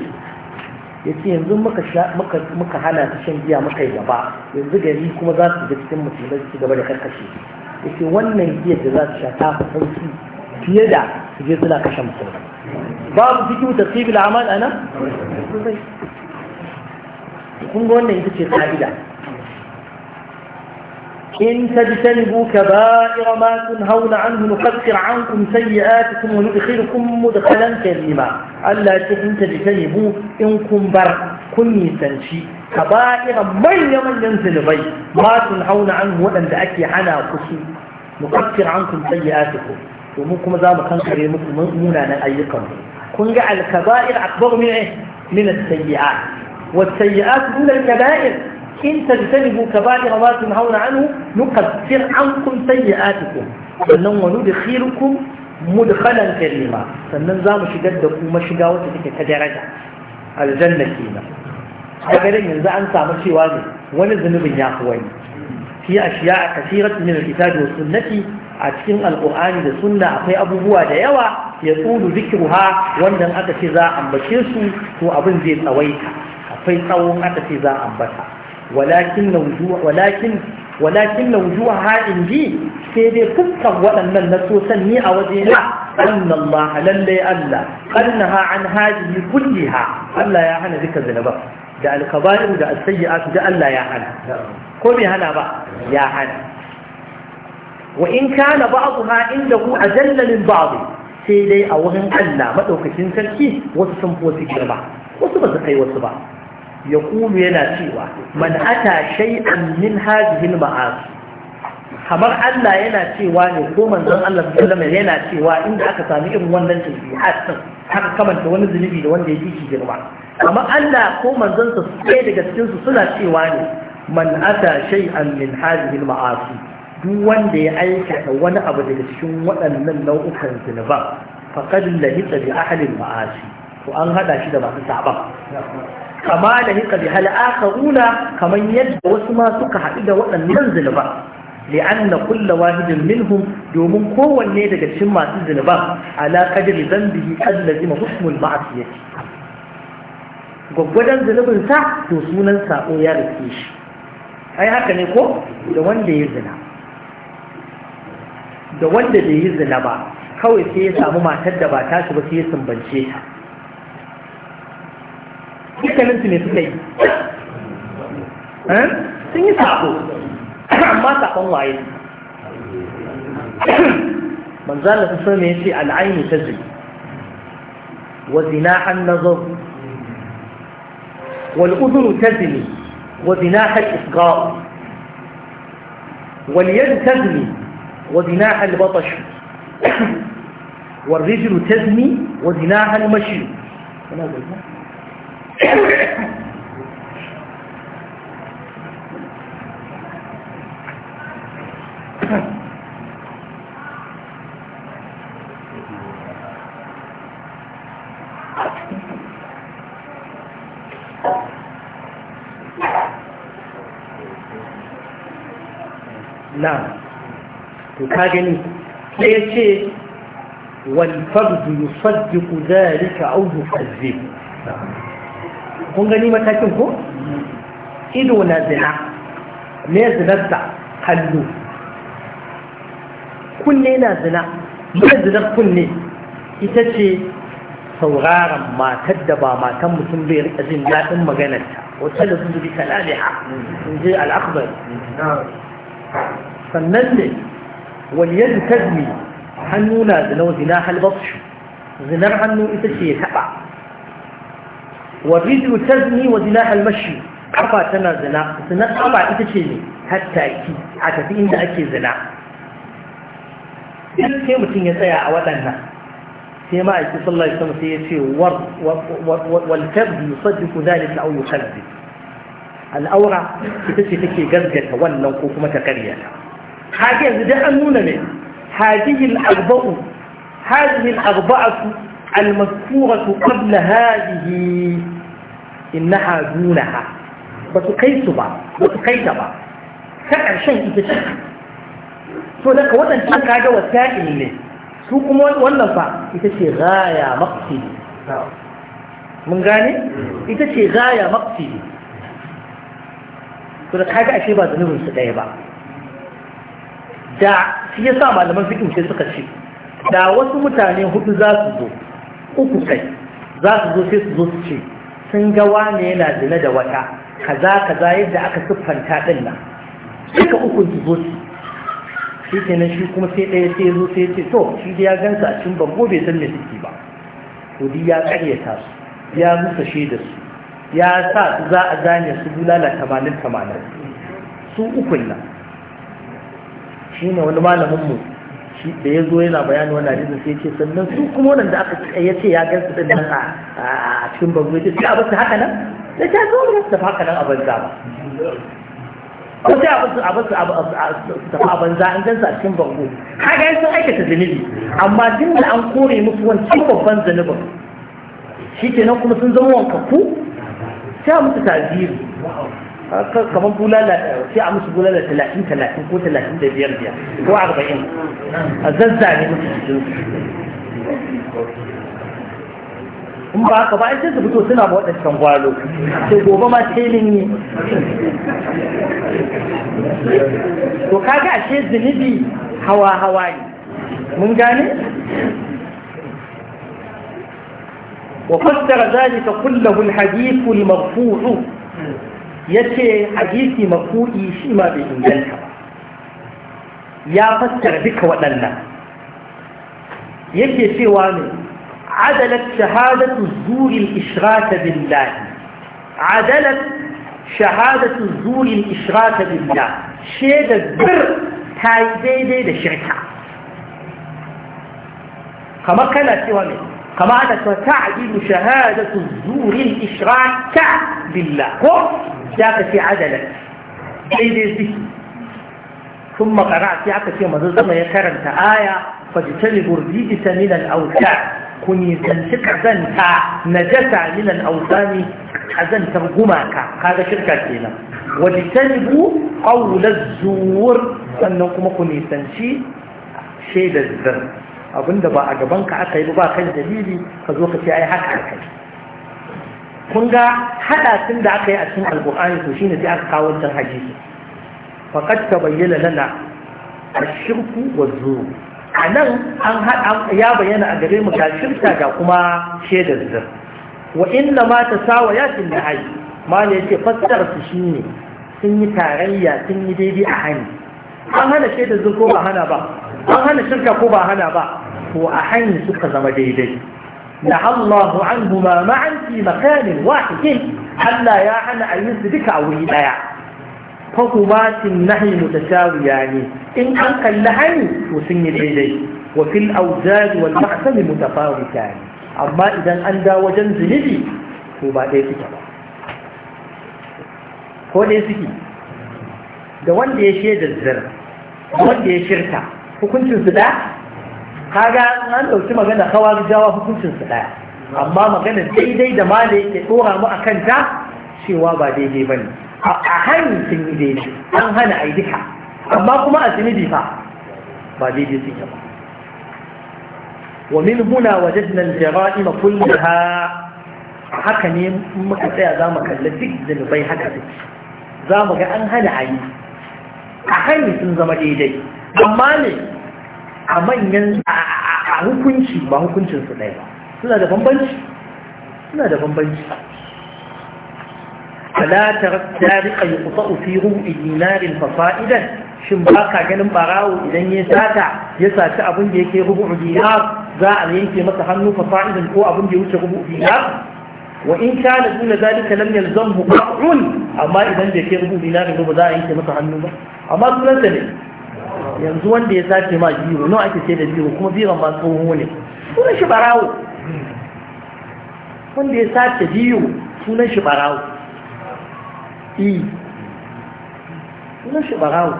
ya ce yanzu muka hana su shan giya muka yi gaba yanzu gari kuma za su ga cikin musulmai su gaba da karkashe ke wannan giyar da za su sha ta fi sauki fiye da su je suna kashe musulmi babu cikin tasiri al'amal a nan kun ga wannan ita ce ka'ida إن تجتنبوا كبائر ما تنهون عنه نكفر عنكم mu da kalan kalima Allah ce in ta ne mu in kun bar kun nisanci ka ba ira manya-manyan zunubai ba sun hauna an waɗanda ake hana ku su nukaffir an kun to mu kuma za mu kankare muku munanan ayyukanku kun ga al kaba'ir akbar min eh min as-sayyi'at والسيئات ba sun hauna an كبائر ما تنهون عنه نكفر عنكم سيئاتكم ونندخلكم mudkhalan kalima sannan za mu shigar da kuma shiga wata take ta daraja aljanna na daga nan yanzu an samu cewa ne wani zunubin ya fi wani fi ashiya kasirat min alkitabi wa sunnati a cikin alqur'ani da sunna akwai abubuwa da yawa ya tsulu zikruha wanda aka ce za a ambace su to abin zai tsawaita akwai tsawon aka ce za a ambata walakin walakin walakin na wujuwa haɗin ji sai dai fuskan waɗannan na sosan ni a waje na annan ma lallai Allah ƙarnaha an haji kulliha Allah ya hana duka zunuban da alkabarin da asayyi'atu da Allah ya hana ko bai hana ba ya hana wa in kana ba'dha indahu ajalla min ba'd sai dai a wurin Allah madaukakin sarki wasu sun fi wasu girma wasu ba su kai wasu ba يقول yana cewa, من أتى شيئا من هذه المعاصي kamar Allah yana cewa ne ko manzon Allah sallallahu alaihi yana cewa inda aka sami irin wannan tasbihat din haka kamanta wani zunubi da wanda yake shi girma amma Allah ko manzon sa sai daga cikin su suna cewa ne man ata shay'an min hadhihi al-ma'asi duk wanda ya aikata wani abu daga cikin waɗannan nau'ukan zunuba faqad lahita bi ahli al-ma'asi to an hada shi da masu saban kama da hika bi hal'aka akharuna kamar yadda wasu ma suka haɗu da waɗannan zunuba li'anna kulla wahidin minhum domin kowanne daga cikin masu zunuba ala qadri dhanbihi allazi ma hukmul ma'siyah gwaggwadon zunubin sa to sunan sako ya rike shi ai haka ne ko da wanda ya zina da wanda bai yi zina ba kawai sai ya samu matar da ba tashi ba sai ya sumbance ta dukkanin su ne suka yi sun yi sako amma sakon waye manzo Allah ta sani yace al'ainu tajri wa zina an-nazar wal udhunu tajri wa zina al-isghar wal yad tajri wa zina al-batash والرجل تزني وزناها المشي أنا قلت نعم وكاجني سيتي والفرد يصدق ذلك أو يكذبه نعم kun gani matakin ko ido na zina me zinarsa hannu kunne na zina me zinar kunne ita ce sauraron matar da ba matan mutum bai rika jin daɗin maganarta wata da su kalaliha in je al'akbar sannan ne waliyar tazmi hannu na zina zina halbasu zinar hannu ita ce ya taɓa والرجل تزني وزلاح المشي أربعة سنة زنا سنة أربعة تتشيني حتى أكي حتى في إنت أكي زنا إذا كم يا أيها أولانا كما يقول صلى الله عليه وسلم سيشي ورد والكذب يصدق ذلك أو يخذب الأورع تتشي تكي قذكة ولا وكوكمة قرية هذه أزداء النونة هذه الأغباء هذه الأغباء المذكورة قبل هذه innaha dunaha ba su kai su ba ba su kai ta ba ta ƙarshen ita ce so daga waɗancan kaga wasa'il ne su kuma wannan fa ita ce gaya maqsidi mun gane ita ce gaya maqsidi to da kaga ashe ba zunubin su ɗaya ba da shi sa malaman fikin sai suka ce da wasu mutane hudu za su zo uku kai za su zo sai su zo su ce sun ga wane yana zina da wata kaza kaza yadda aka siffanta din nan duka uku su zo su shi nan shi kuma sai ɗaya sai zo sai ce to shi da ya gansa a cikin bambo bai san me suke ba to duk ya ƙaryata su ya musa shaida su ya sa su za a zane su bulala tamanin tamanin su ukun nan shi ne wani malamin mu shi da ya zo yana bayani wannan hadisin sai ce sannan su kuma da aka ya ce ya gansu din nan a cikin bango ce sai abin haka nan da ta zo ne su tafi haka nan a banza ba ko sai abin abin su tafi a banza an gansu a cikin bango ga sun aikata zunubi amma tun da an kore musu wancan babban zunubin shi kenan kuma sun zama wankaku sai musu taziri kamar bulala sai a musu bulala talatin talatin ko talatin da biyar biyar ko arba'in a zazzane musu jikin in ba haka ba ai sai su fito suna ba waɗancan gwalo sai gobe ma telin ne to kaga ashe zunubi hawa hawa ne mun gane وفسر ذلك كله الحديث المرفوع ya ce hadisi mafu'i shi ma bai inganta ya fassara duka waɗannan yake cewa ne adalat shahadatu zuri ishraka billahi adalat shahadatu zuri ishraka billahi shaida bir ta yi daidai da shirka kamar kana cewa ne قبعدة وتعدل شهادة الزور الإشراك بالله ذاك عدلت سيدي إيه ثم قرأت يعكس يوم الظلم يكرم آية فاجتنبوا الرجس من الأوتاء كني تنسك عزنك نجسة من الأوتان عزنك رجمك هذا شركة لنا واجتنبوا قول الزور أنكم كني تنسي شيء الزر abinda ba a gaban ka aka yi ba kan dalili ka zo ka ce ai haka aka yi kun ga tun da aka yi a cikin alkur'ani to shine sai aka kawo wancan hadisi faqad tabayyana lana ash-shirku waz anan an ya bayyana a gare mu ga shirka ga kuma shedar zur wa inna ma tasawaya fil nahi ma ne yace fassara su shine sun yi tarayya sun yi daidai a hani an hana shedar zur ko ba hana ba an hana shirka ko ba hana ba to a hanyar suka zama daidai na Allahu an huma ma'an fi makanin wahidin Allah ya hana a yin su duka a wuri daya fahumatin nahi mutashawiya ne in an kalli hani to sun yi daidai wa fil auzari wal ma'asami mutafawita ne amma idan an dawo wajen zunubi to ba ɗaya suke ba ko ɗaya suke da wanda ya shaidar zir da wanda ya shirka hukuncin su ɗaya. kaga an ɗauki magana kawar jawa hukuncinsu ɗaya amma magana daidai da ma ke yake mu a kanta cewa ba daidai ba ne a hanyar sun yi daidai an hana a duka amma kuma a zunubi fa ba daidai sun yi ba wa min huna wajadna al-jara'im kullaha haka ne muka tsaya za mu kalli duk zunubai haka su? za mu ga an hana a yi a hanyar sun zama daidai amma ne a manyan a hukunci ba hukuncin su ɗaya suna da bambanci suna da bambanci ala tarika yi kusa ufiru idinarin fafa'idan shin ba ka ganin barawo idan ya sata ya saci abin da yake rubu dinar za a yanke masa hannu fafa'idan ko abin da ya wuce rubu dinar وإن كان دون ذلك Amma idan da أما إذا جاء كيربو دينار يقول بذا أنت مثلا عنه أما دون ne. yanzu wanda ya sace ma biro nawa ake sai da biro kuma biron ba tsoho ne sunan shi barawo wanda ya sace biro sunan shi barawo i e, sunan shi barawo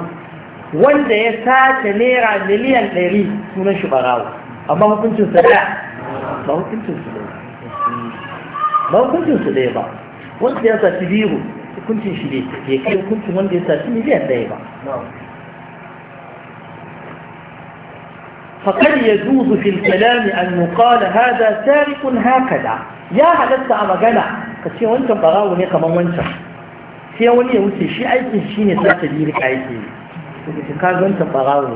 wanda ya sace naira miliyan ɗari sunan shi barawo amma hukuncin su ɗaya ba hukuncin su ɗaya ba hukuncin su ɗaya ba wanda ya sace biro hukuncin shi ne ya kai hukuncin wanda ya sace miliyan ɗaya ba فقد يجوز في الكلام أن يقال هذا سارق هكذا يا هلست أمغانا كسي وانت بغاو هيك من وانت سي وني يوسي شي أيكي شي نساك ديرك أيكي كاز وانت بغاو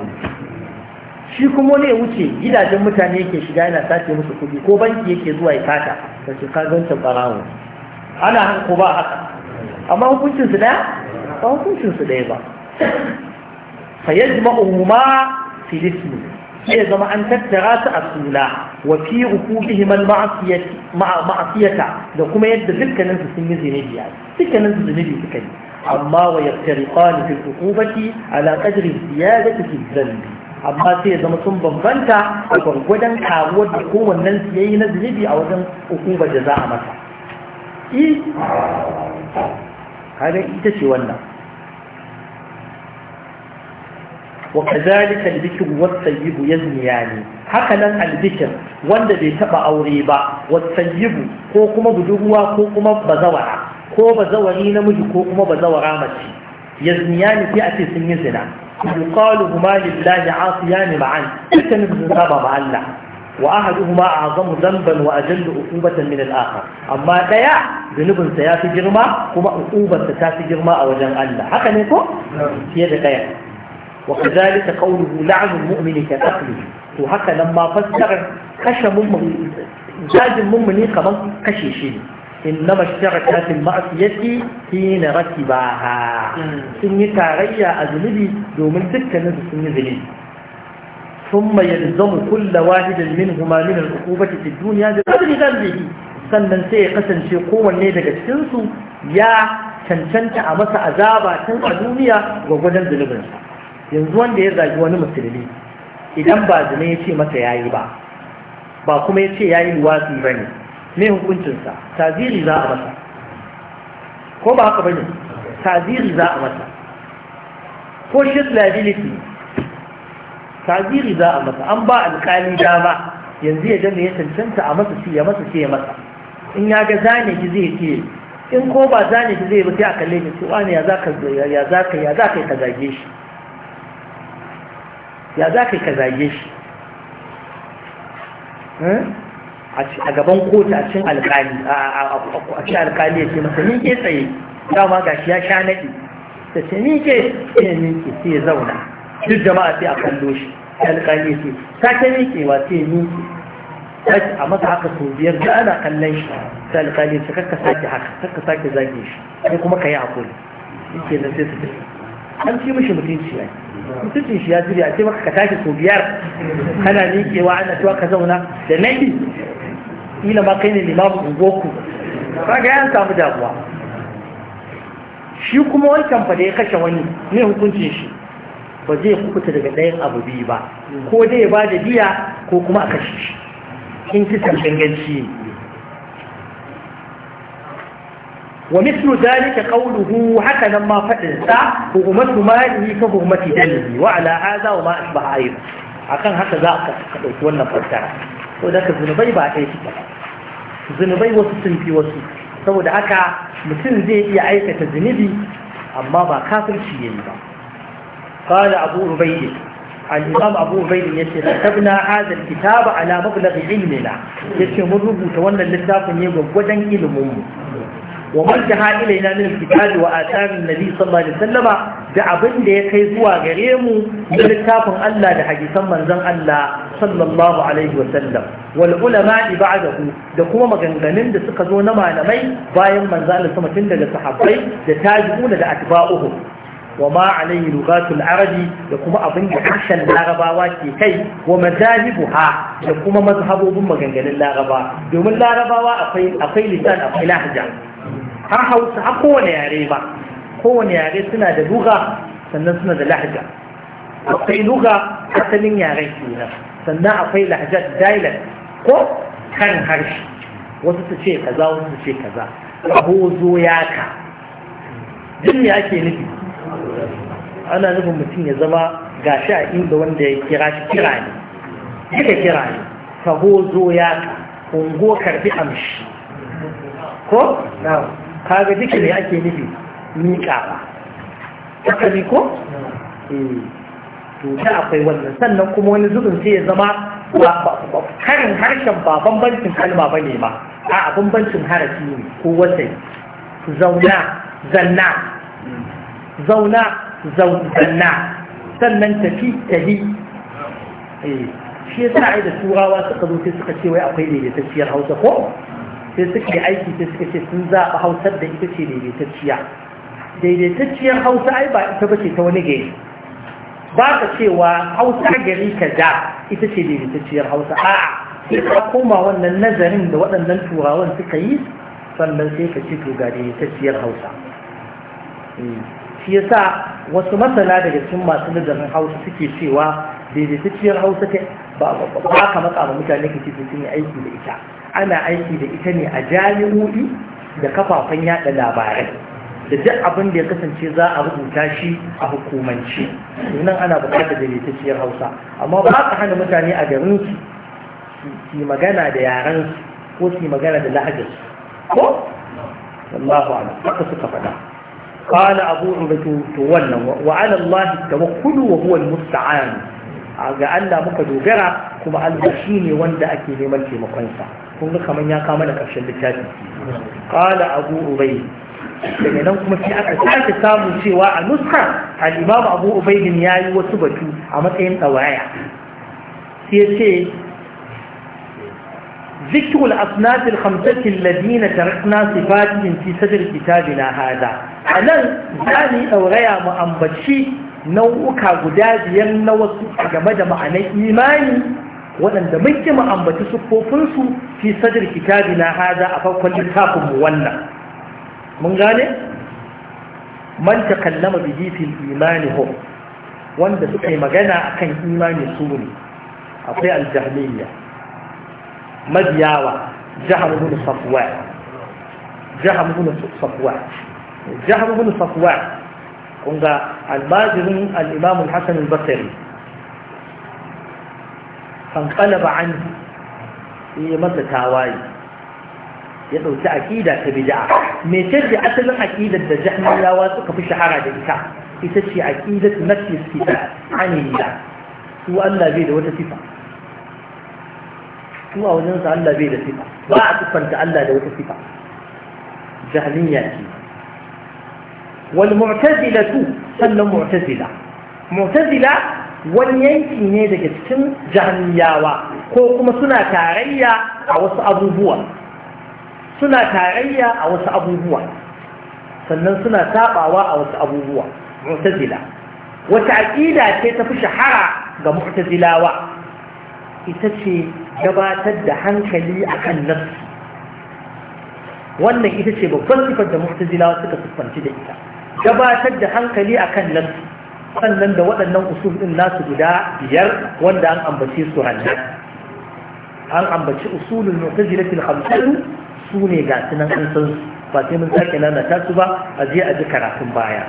shi kuma ne wuce gidajen mutane yake shiga yana sace musu kuɗi ko banki yake zuwa ya kata da shi kagancin barawo ana hanko ba haka amma hukuncin su daya ba hukuncin su daya ba fa yajma'u ma sai zama an tattara su a sula wa fi rukubihim ma'asiyata da kuma yadda dukkanin su sun yi zunubi dukkanin su zunubi suka yi amma wa yaftariqan fi uqubati ala qadri ziyadati fi dhanbi amma sai zama sun bambanta a gwargwadon karuwar da kowannen su na zunubi a wajen uqubar da za a masa kaga ita ce wannan وكذلك البكر والسيب يزنيان hakanan البكر wanda bai taɓa aure ba wasayibu ko kuma budurwa ko kuma bazawara ko bazawari miji ko kuma bazawara mace yazniyani sai a ce sun yi zina yuqalu huma lillahi asiyani ma'an dukkan su saba ma Allah wa ahaduhuma a'zamu dhanban wa ajallu uqubatan min al amma ɗaya zunubin sa yafi girma kuma uqubar sa ta fi girma a wajen Allah haka ne ko fiye da ɗaya. وكذلك قوله لعن المؤمن كقتله وهكا لما فسر كشم مؤمن زاد المؤمن كمان كشيشين إنما اشتركا في المعصية حين ركباها سنة تاريا أذنبي دومن سكة نزل سنة ذنبي ثم يلزم كل واحد منهما من العقوبة في الدنيا بقدر ذنبه sannan sai ya kasance kowanne daga cikinsu ya cancanta a masa azaba tun a duniya gwagwadon zunubinsa yanzu wanda ya zagi wani musulmi idan ba zina ya ce masa yayi ba ba kuma ya ce yayi luwatsi ba ne me hukuncinsa taziri za a masa ko ba haka ba ne taziri za a masa ko shit liability taziri za a masa an ba alkali dama yanzu ya ga ya cancanta a masa shi ya masa ce ya masa in ya ga zane ki zai ce in ko ba zane ki zai ba sai a kalle shi ce wani ya zaka ya zaka ya zaka ka zage shi ya za ka yi ka zage shi hmm? a gaban kotu a cin alkali a cin alkali ya ce masa ni ke tsaye dama ga shi ya sha naɗi ta ce nike ni ke sai ya zauna duk jama'a sai a kallo shi alkali ya ce ni nikewa sai nike a masa haka sau biyar da ana kallon shi sai alkali ya ce kakka sake haka kakka sake zage shi sai kuma ka yi hakuri yake na sai su an ci mishi mutunci ya yi mutuncin shi ya zuri a ce maka ka tashi sau biyar kana nikewa ana cewa ka zauna da nabi ila ma kai ne limamu ungoku kaga ya samu damuwa shi kuma wancan fa da ya kashe wani ne hukuncin shi ba zai kukuta daga ɗayan abu biyu ba ko dai ba da biya ko kuma a kashe shi in kisan ganganci ne ومثل ذلك قوله هكذا ما فعلت فهمت مالي فهمت دلبي وعلى هذا وما أشبه أيضا أكن هكذا قلت ولا فرتع وذاك الزنبي بعد أي شيء الزنبي في وصل سود هكا مثل زي أي عيسى الزنبي أما ما كافر شيء يعني. قال أبو ربيد عن أبو ربيد يسير كتبنا هذا الكتاب على مبلغ علمنا يسير مرغو تولى للتاب يقول وجن إلمه ومن دعا إلينا من الكتاب وآتانا النبي صلى الله عليه وسلم دعا بند يكيزوا غريم من الكتاب ألا لحديثا من زن ألا صلى الله عليه وسلم والعلماء بعده دقوا مغنغنين دسقزوا نما نمي باين من زال سمتين للصحابي دتاجئون لأتباؤهم وما عليه لغات العرب لكما أبن عشا العربة واتي كي ومذاهبها لكما مذهبهم مغنغن العربة دوم العربة أقيل لسان أقيل أحجان har hausa har kowane yare ba kowane yare suna da luga sannan suna da lahja akwai luga asalin yaren kenan sannan akwai lahjar dialect ko kan harshe wasu su ce kaza wasu su ce kaza abu zo ya ka jin ya ke nufi ana nufin mutum ya zama gashi a inda wanda ya kira shi kira ne duka kira ne ka zo ya ka ungo karbi amshi ko? na'am kaga duka ne ake nufi miƙawa haka ne ko? Eh. to ta akwai wannan sannan kuma wani zubin sai ya zama karin harshen ba bambancin kalma ba ne ba a bambancin harafi ne ko wata zauna zanna zauna zanna sannan tafi tahi eh. shi ya sa'ai da turawa suka zo sai suka ce wai akwai daidaitacciyar hausa ko sai suka yi aiki sai suka ce sun zaɓa hausar da ita ce daidaitacciya daidaitacciyar hausa ai ba ita bace ta wani gari ba ka cewa hausa gari ka da ita ce daidaitacciyar hausa a sai ka koma wannan nazarin da waɗannan turawan suka yi sannan sai ka ce to ga daidaitacciyar hausa hmm. shi sa wasu masana daga cikin masu nazarin hausa suke cewa daidaitacciyar hausa ta ba ka matsa ma mutane ka ce sun yi aiki da ita ana aiki da ita ne a jami'o'i da kafafen yada labarai da duk abin da ya kasance za a rubuta shi a hukumance nan ana bukatar daidaitacciyar hausa amma ba ka hana mutane a garin su su magana da yaren su ko su magana da lahajar su ko wallahu ala haka suka faɗa to wannan. عبيد تولى وعلى الله التوكل وهو المستعان ga Allah muka dogara kuma Allah shine wanda ake neman taimakonsa kun ga kamar ya kama da ƙarshen littafi Kala abu daga nan kuma sai aka sake samu cewa a nuska al-imam abu ya yayi wasu batu a matsayin tawaya sai ce ذكر الأصناف الخمسة الذين تركنا صفاتهم في صدر كتابنا هذا أنا زاني أو غيا مؤمبتشي نوعك قداد ينوى الصفحة جمد معنى إيماني waɗanda muke mu ambaci siffofinsu fi sadar kitabi na hada a farkon littafin mu wannan mun gane man kallama bi jifin imani hum wanda suka yi magana a kan imani su ne akwai aljahmiya mabiyawa Jihar ibn safuwa Jihar ibn safuwa Jihar ibn safuwa kun ga almajirin al-imam al-hasan al-basri fanqalaba an yi masa tawaye ya dauki aqida ta bid'a me ce da asalin aqidar da jahmiyawa suka fi shahara da ita ita ce aqidat nafi sifat anilla su Allah bai da wata sifa su a wajen sa Allah bai da sifa ba a sifanta Allah da wata sifa jahmiya ce wal mu'tazila sannan mu'tazila mu'tazila wani yanki ne daga cikin jahanniyawa ko kuma suna tarayya a wasu abubuwa suna tarayya a wasu abubuwa sannan suna sabawa a wasu abubuwa mu'tazila wata aqida ce tafi shahara ga mu'tazilawa ita ce gabatar da hankali akan nafsi wannan ita ce babban sifar da mu'tazilawa suka siffanci da ita gabatar da hankali akan nafsi Waɗannan da waɗannan usul ɗin nasu guda biyar wanda an ambace su hannu an ambaci usulul mu'tazilatil khamsin su ne ga sunan an san ba sai mun sake lalata su ba a je a ji karatun baya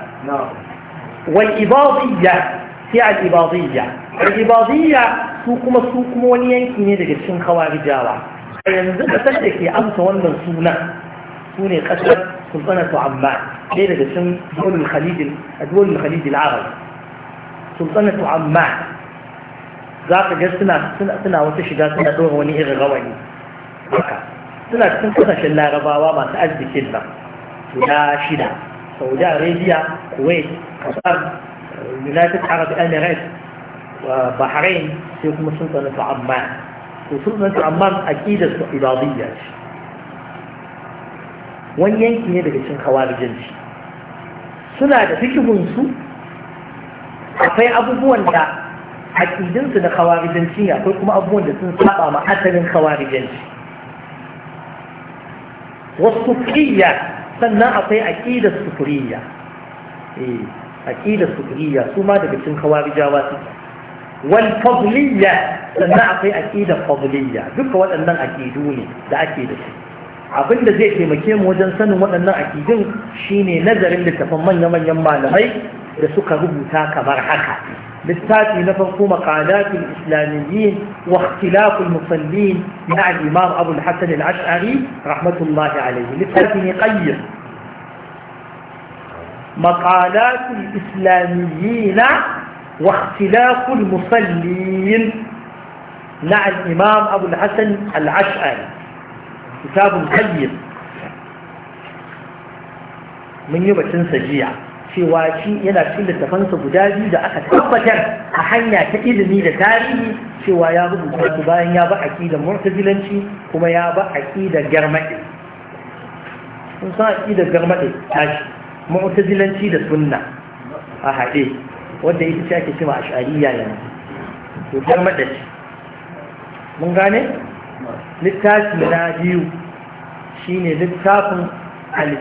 wal ibadiyya sai al ibadiyya al ibadiyya su kuma su kuma wani yanki ne daga cikin khawarijawa a yanzu kasar da ke amsa wannan sunan su ne kasar sultanatu amma ɗaya daga cikin dole khalidil dole khalidil arab sultanatu amma za ka ga suna wata shiga suna ɗora wani irin rawani haka suna cikin kasashen larabawa masu arzikin nan guda shida saudi arabia kuwait qatar united arab emirates bahrain sai kuma sultanatu amma to sultanatu amma aqidar su ibadiyya ce wani yanki ne daga cikin kawarijinci suna da fikihunsu akwai abubuwan da aƙidinsu da khawarijanci ne akwai kuma abubuwan da sun saba ma asalin khawarijanci wasu kiyya sannan akwai aƙidar sufuriya eh aƙidar sufuriya su ma daga cikin khawarijawa su wal fadliya sannan akwai aƙidar fadliya duka waɗannan aƙidu ne da ake da su abin da zai taimake mu wajen sanin waɗannan aƙidun shine nazarin littafin manya-manyan malamai da suka rubuta kamar haka littafi na farko maqalatul islamiyyin wa ikhtilaful musallin ya al-imam Abu al-Hasan al-Ash'ari rahmatullahi alayhi littafi ne qayyim maqalatul islamiyyin wa ikhtilaful musallin na al-imam Abu al-Hasan al-Ash'ari kitabun qayyim mun yi batun sajiya cewa shi yana cikin littafansa guda biyu da aka tabbatar a hanya ta ilimi da tarihi cewa ya rubuta su bayan ya ba a aqidar mu'tazilanci kuma ya ba a da garmade sun san a aqidar garmade tashi mu'tazilanci da sunna a haɗe wanda ita ce ake cewa ash'ariyya yanzu to garmade ce mun gane littafi na biyu shine littafin al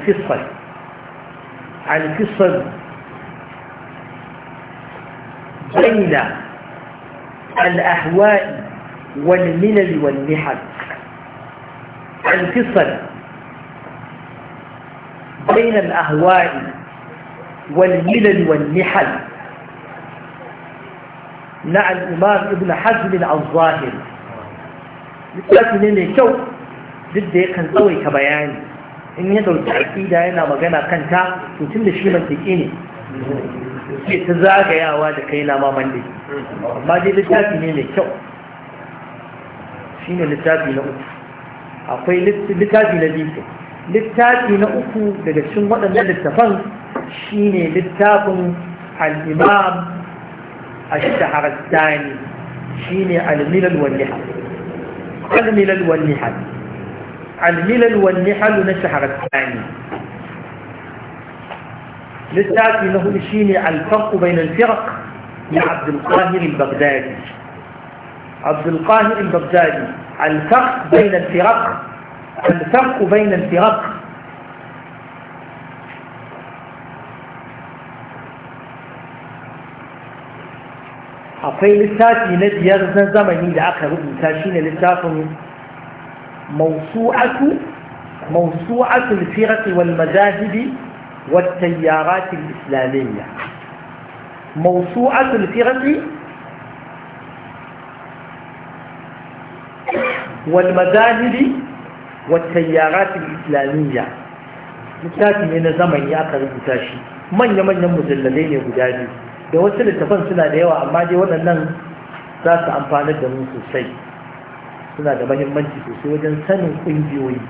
القصة بين الأهواء والملل والنحل القصة بين الأهواء والملل والنحل نع الإمام ابن حزم الظاهر لكن لكو لديك أن قوي بياني in ya dauki aqida yana magana kanta to tun da shi mantiki ne ke ta zagayawa da kai na ma mande amma dai littafi ne mai kyau Shi ne littafi na uku akwai littafi na biyu littafi na uku daga cikin waɗannan littafan shi ne littafin al a ash-shahrastani shine al-milal wal-nihal al-milal wal-nihal الملل والنحل نشر الثاني للتاكي له شيني الفرق بين الفرق لعبد القاهر البغدادي عبد القاهر البغدادي الفرق بين الفرق الفرق بين الفرق akwai littafi na يرزن زمني zamani da aka rubuta موسوعة موسوعة الفرق والمذاهب والتيارات الإسلامية موسوعة الفرق والمذاهب والتيارات الإسلامية لذلك من زمن يأخذ المتاشي من يمن يمز الذين يبدأني دوسل التفنسنا ديوة أما ونن ذات أنفانة دموس السيد suna da mahimmanci sosai wajen sanin ƙungiyoyi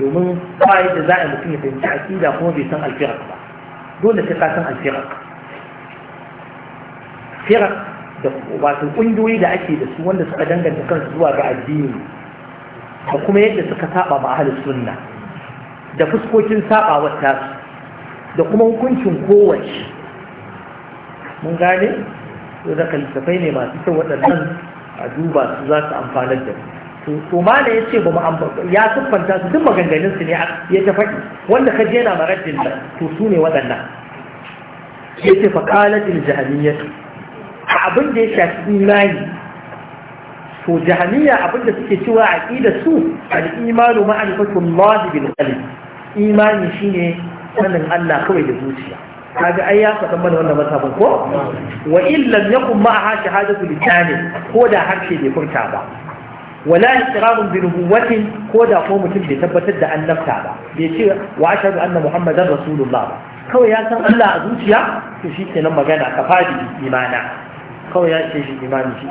domin ba yadda za a mutum ya fahimci aƙida kuma bai san alfirak ba dole sai ka san alfirak firak da wato ƙungiyoyi da ake da su wanda suka danganta kansu zuwa ga addini da kuma yadda suka saba ma sunna da fuskokin sabawar tasu da kuma hukuncin kowace mun gane da kalsafai ne masu kyau waɗannan a duba su za su amfanar da to mana ya ce ba ya siffanta su duk maganganun su ne ya ta faɗi wanda ka je na maraddin da to su ne waɗannan ya ce fa kalatin jahamiyyatu abin da ya shafi imani to jahamiyya abin da suke cewa a aqida su al-imanu ma'rifatu Allah bil qalbi imani shine sanin Allah kawai da zuciya kaga ai ya faɗa mana wannan masabin ko wa illam yakun ma'aha shahadatu lisanin ko da harshe bai furta ba wala iqrarun bi nubuwatin ko da ko mutum bai tabbatar da annabta ba bai ce wa ashhadu anna muhammadan rasulullah ba kawai ya san Allah a zuciya to shikenan magana ka fadi imana kawai ya ce shi imani shi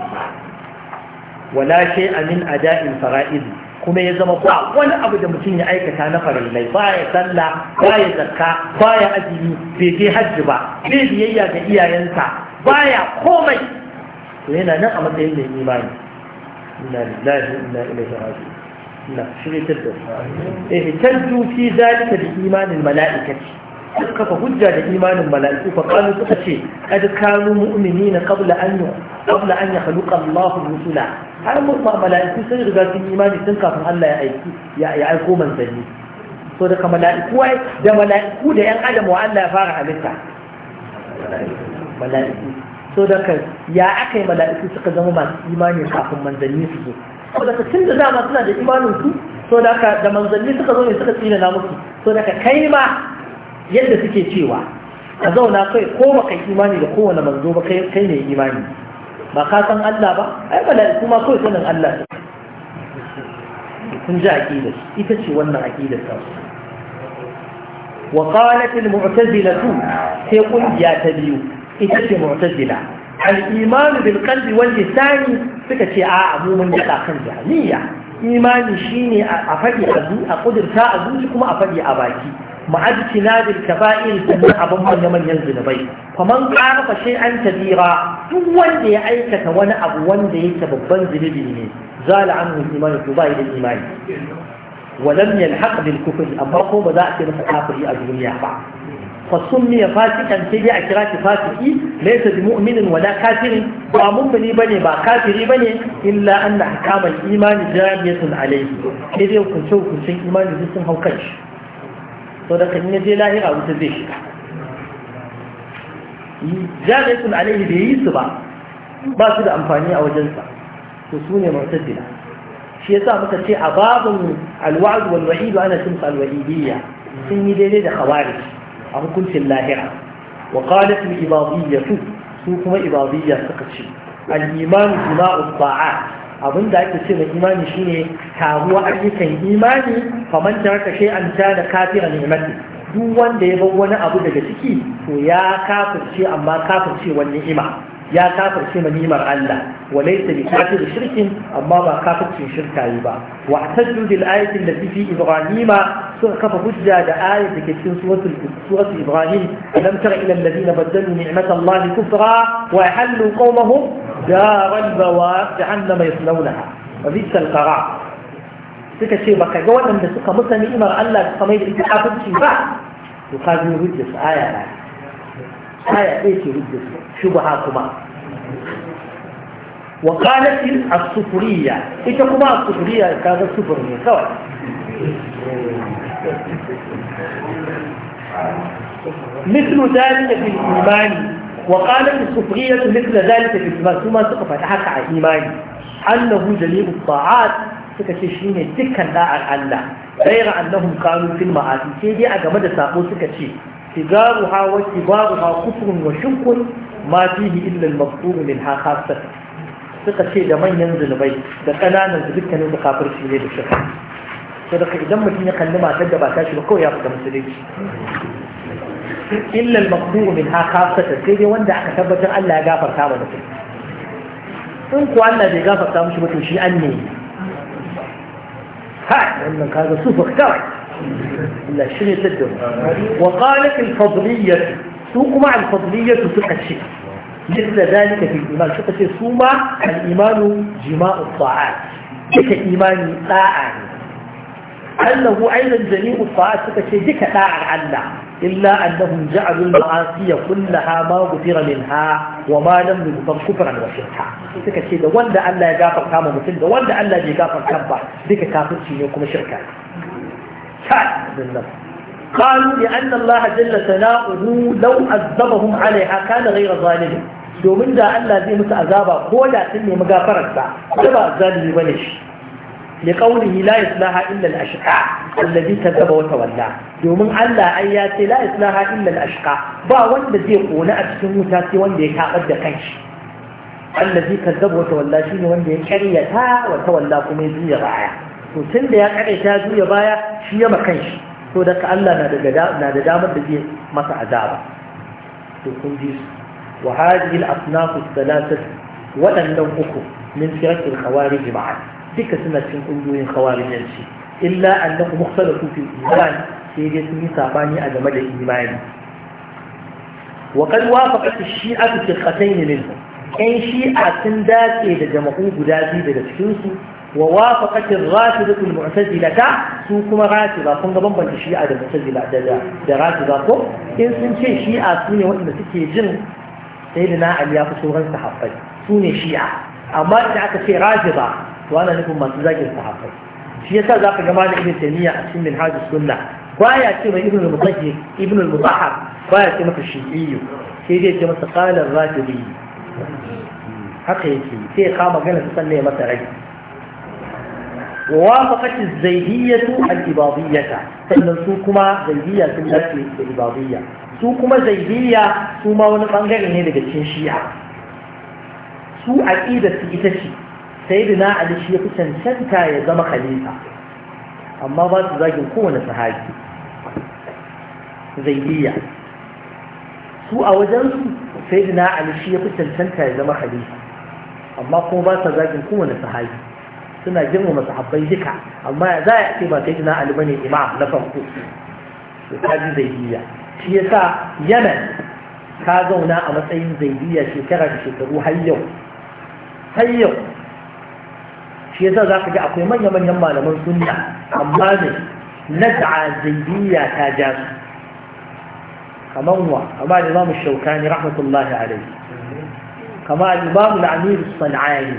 wala shay'a min ada'il fara'id kuma ya zama ba wani abu da mutum ya aikata na farillai ya sallah ba baya zakka ya azumi bai je hajji ba bai biyayya ga iyayensa ba ya komai to yana nan a matsayin da ya imani inna lillahi inna ilaihi raji'un na shirye da eh tantu fi zalika bi imanin mala'ikati kafa hujja da imanin mala'iku fa qalu suka ce kad kanu mu'minina qabla an qabla an yakhluqa Allahu rusula har mu mala'iku sun riga sun imani tun kafin Allah ya aiki ya ya aiko manzanni so daga mala'iku wai da mala'iku da yan adam wa Allah ya fara halitta mala'iku so daga ya aka yi mala'iku suka zama masu imani kafin manzanni su zo so daga tun da dama suna da imanin su so daga da manzanni suka zo ne suka tsina na musu so daga kai ma yadda suke cewa ka zauna kai ko ba kai imani da kowane manzo ba kai ne imani ba ka san Allah ba ai mala'iku kuma kai sanin Allah ne kun ji aqida ita ce wannan aqidar ta wa qalat al mu'tazilatu sai kungiya ta biyu ita ce mu'tazila al-imanu bil qalbi wal lisan suka ce a mu mun da kan jahiliya imani shine a faɗi a zuci a zuci kuma a faɗi a baki ma'adci na bil kaba'ir sannan abin manya manyan zunubai kuma ƙara fashe an tabira duk wanda ya aikata wani abu wanda ya yake babban zunubi ne za la an hulki su ba yi da imani walam ya haƙa bil kufuri amma ko ba za a ce masa kafiri a duniya ba fa sun miya fasikan sai dai a kira ki fasiki mai sa mu'minin wala kafirin ba mu'mini bane ba kafiri bane illa anna hukamal imani jabiyatun alayhi sai dai hukuncin imani sun hau kanshi sau da kan yaje lahira wuta zai shiga jami'atun alaihi bai yi su ba ba su da amfani a wajensa to su ne mutazila shi yasa muka ce a babin alwa'd wal wa'id ana cin alwa'idiyya sun yi daidai da khawarij a hukuncin lahira wa qalat al ibadiyyah su kuma ibadiyya suka ce al iman bima'u ta'at abin da ake ce na imani shine taruwa ayyukan imani faman an shay'an da kafira ni'mati duk wanda ya bar wani abu daga ciki to ya kafirce amma kafirce wani ni'ima ya kafirce ma ni'imar Allah wa laysa bi kafir shirkin amma ba kafircin shirka yi ba wa tajdu bil ayati allati fi ibrahima suka kafa hujja da ayat da ke cikin suratul suratul ibrahim alam tara ila alladhina baddalu ni'matallahi kufra wa halu qawmahum دار البواب جهنم يصلونها وبئس القرار سكا شي بكا جوان من سكا مسلم امر الله سميد انت حافظ شي بعد يقابل رجس آية آية ايش رجس شبهاتما وقالت السفرية ايش كما السفرية كذا السفرية سوا مثل ذلك في الإيمان وقالت الكفرية مثل ذلك في الإيمان ثم سقف تحقق على إيماني أنه جميع الطاعات سكتشين ذكا لا عن الله غير أنهم كانوا في المعاصي سيدي أجمد ساقو سكتشين سجارها وكبارها كفر وشك ما فيه إلا المغفور منها خاصة سكتشين لمن ينزل بيت دقنا ننزل ذكا نزل في ليل الشكر صدق إذا ما تنقل لما تدبع تاشي وكو يأخذ مسلمين إلا المقدور منها خاصة سيدي وندع كتبة ألا غافر كامل انكو ألا دي غافر كامل شبك وشي أني ها أنك كان صفر اختار إلا شنو تدر وقالت الفضلية سوق مع الفضلية سوق الشيء مثل ذلك في الإيمان شو شيء سوما الإيمان جماء الطاعات لك إيمان طاعة أنه أيضا جميع الطاعات شوف شيء ذكى طاعة الله illa annahum ja'alul ma'asiya kullaha ma gufira minha wa ma lam yughfar kufran wa shirka suka ce da wanda Allah ya gafarta ma mutum da wanda Allah bai gafarta ba duka kafirci ne kuma shirka ne قالوا لأن الله جل ثناؤه لو عذبهم عليها كان غير ظالم domin da Allah zai musu azaba ko da sun nemi gafarar sa ba zalimi bane shi لقوله لا يصلاها إلا الأشقى الذي كذب وتولى يوم ألا أياتي لا يصلاها إلا الأشقى با وند زي قونا أبسم متاتي وند يكاقد كنش الذي كذب وتولى شين وند يكريتا وتولى كميزي غاية وتن da ya karanta zuya baya shi ya makan shi to daga Allah na da damar da zai masa azaba to kun su wa uku min firat al duka suna cikin ƙungiyoyin khawarijanci illa annahu mukhtalafu fil iman sai dai sun yi sabani a game da imani wa qad wafaqat ash-shi'atu firqatayn minhum kan shi'a sun dace da jama'u guda biyu daga cikin su wa wafaqat ar-rafidatu al-mu'tazilata su kuma rafida kun ga bambanta shi'a da mu'tazila da da rafida ko in sun ce shi'a su ne waɗanda suke jin sayyidina ali ya fi sauran sahabbai su ne shi'a amma idan aka ce rafida to ana nufin masu zagin sahabbai shi yasa za ka ga malam ibn taymiya a cikin minhaj sunna baya ce mai ibn al-mutahhi ibn al-mutahhar baya ce masa shi'iyyu sai dai ce masa qala ar-rafidi haka yake sai ka magana ta sanne masa rai ووافقت الزيدية الإباضية sannan su kuma zaidiya sun dace da ibadiyya su kuma zaidiya su ma wani bangare ne daga cikin shi'a su aqida su ita ce سيدنا علي شيء قسم سنكا يزم خليفة أما بات ذاك القونة سهاج زيدية سوء وزن سيدنا علي شيء قسم سنكا يزم خليفة أما قوم بات ذاك القونة سهاج سنة جنو مسحبي ذكا أما ذا يأتي ما سيدنا علي بني إمام نفر قوس هذه زيدية شيء سا يمن كازونا أمسين زيدية شكرا شكرا هيو هيو shi yasa za ka ga akwai manya-manyan malaman sunna amma ne na ta'aziyya ta ja su kamar wa kamar al-imam shaukani rahmatullahi alaihi kamar al na al-amir sanani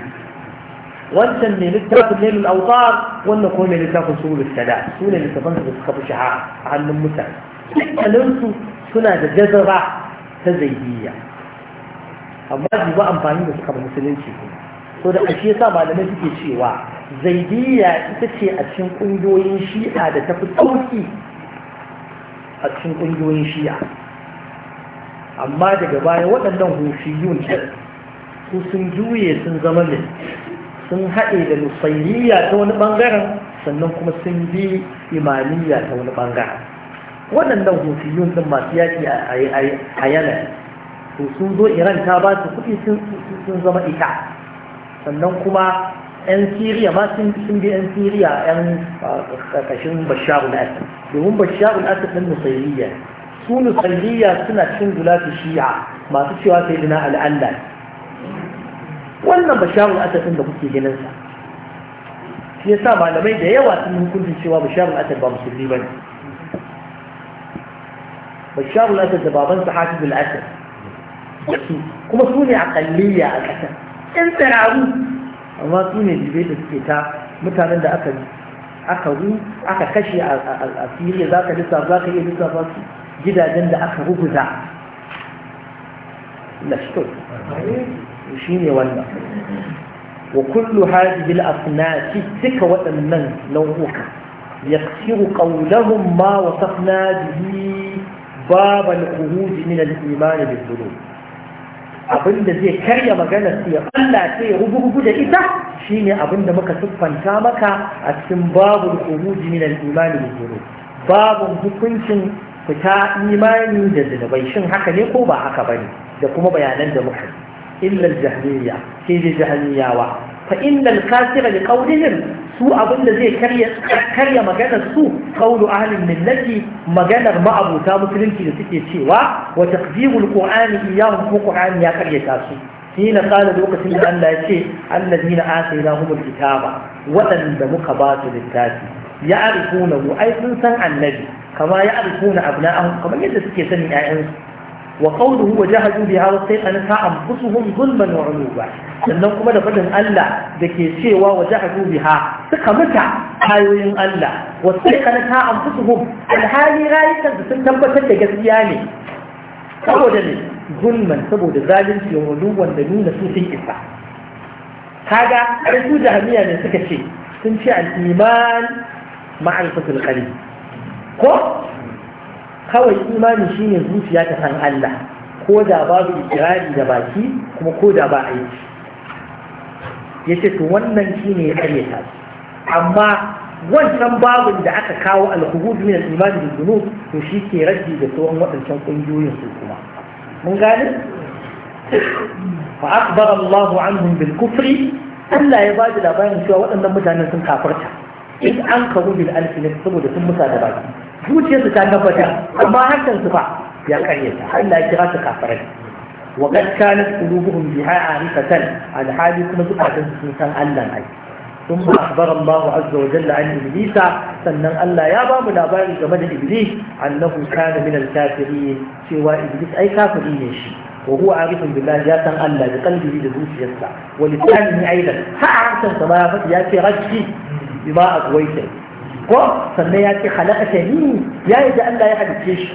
wancan ne littafin ne al-awtar wannan ko ne littafin sulul sada su ne littafin da suka fi shaha a hannun mutane dukkaninsu suna da jazaba ta zaidiyya amma ba amfani da suka musulunci kuma so da ashe yasa malamai suke cewa zaidiyya ita ce a cikin ƙungiyoyin shi'a da tafi sauki a cikin ƙungiyoyin shi'a amma daga baya waɗannan hufiyun su sun juye sun zama ne sun haɗe da nusayiyya ta wani ɓangaren sannan kuma sun bi imaniya ta wani ɓangaren waɗannan hufiyun ɗin masu yaƙi a yanayi to sun zo iran ta ba su kuɗi sun zama ita sannan kuma 'yan siriya ma sun bi 'yan siriya 'yan ƙarƙashin basharul asad domin basharul asad ɗin musailiya su musailiya suna cin cikin gulatu shi'a masu cewa sai dina al'alla wannan basharul asad ɗin da kuke ganin sa shi sa malamai da yawa sun hukuncin cewa basharul asad ba musulmi ba ne basharul asad da babansa hafiz al-asad kuma su ne aƙalliya a ƙasar yan tsiraru amma su ne jibe da suke ta mutanen da aka aka ru aka kashe a siriya za ka lissafa za ka iya lissafa su gidajen da aka ruguza lashkar shi ne wannan wa kullu hadhihi al-asnaf duka waɗannan nau'uka yaksiru qawlahum ma wasafna bihi bab al-khuruj min al-iman bil-dhunub abinda zai karya maganar su ya Allah sai ya rubu da ita shine abinda muka siffanta maka a cikin babu khuruji min al-iman bil hukuncin fita imani da zunubai shin haka ne ko ba haka bane da kuma bayanan da muka illa al sai da jahmiyawa fa innal kasira li qawlihim su abin da zai karya karya magana su qawlu ahli millati magana ma musulunci da suke cewa wa taqdimu alqur'ani iyyahum fi qur'ani ya karya tasu. su hina qala lokacin da Allah ya ce alladheena atainahum alkitaba wadanda muka ba su littafi ya'rifuna ay sun san annabi kama ya'rifuna abna'ahum kamar yadda suke sanin ayyansu وقوله وجهدوا بها واستيقنتها أنفسهم ظلما وعلوبا sannan kuma da fadin Allah da ke cewa wajahadu biha suka mata hayoyin Allah wastaiqanata anfusuhum alhali rayukan da sun tabbatar da gaskiya ne saboda ne zulman saboda zalunci wa wanda nuna su sun isa kaga ai su jahamiya ne suka ce sun ce al-iman ma'rifatul qalbi ko kawai imani shine zuciya ta san Allah ko da babu ikirari da baki kuma ko da ba aiki yace to wannan shine ya kare ta amma wancan babin da aka kawo alhuhud min al-iman bil dunub to shi ke raddi da sauran wadancan kungiyoyin su kuma mun gane fa akbar Allah anhum bil kufri Allah ya bada labarin cewa waɗannan mutanen sun kafarta in an kawo bil alfinat saboda sun musa da baki zuciyarsu ta tabbata amma hakan su fa ya karyata Allah ya kira su kafirai wa qad kanat qulubuhum biha arifatan alhali kuma zukatan sun san Allah ai ثم أخبر الله عز وجل عن إبليس سنن ألا يا باب الأبائي كمد إبليس أنه كان من الكافرين سوى إبليس أي كافرين شيء وهو عارف بالله يا سن ألا بقلبه لذوس يسع ولسانه أيضا ها عرفت سما يا رجي بما أقويته ko sannan ya ce halakata ni ya yi da Allah ya halicce shi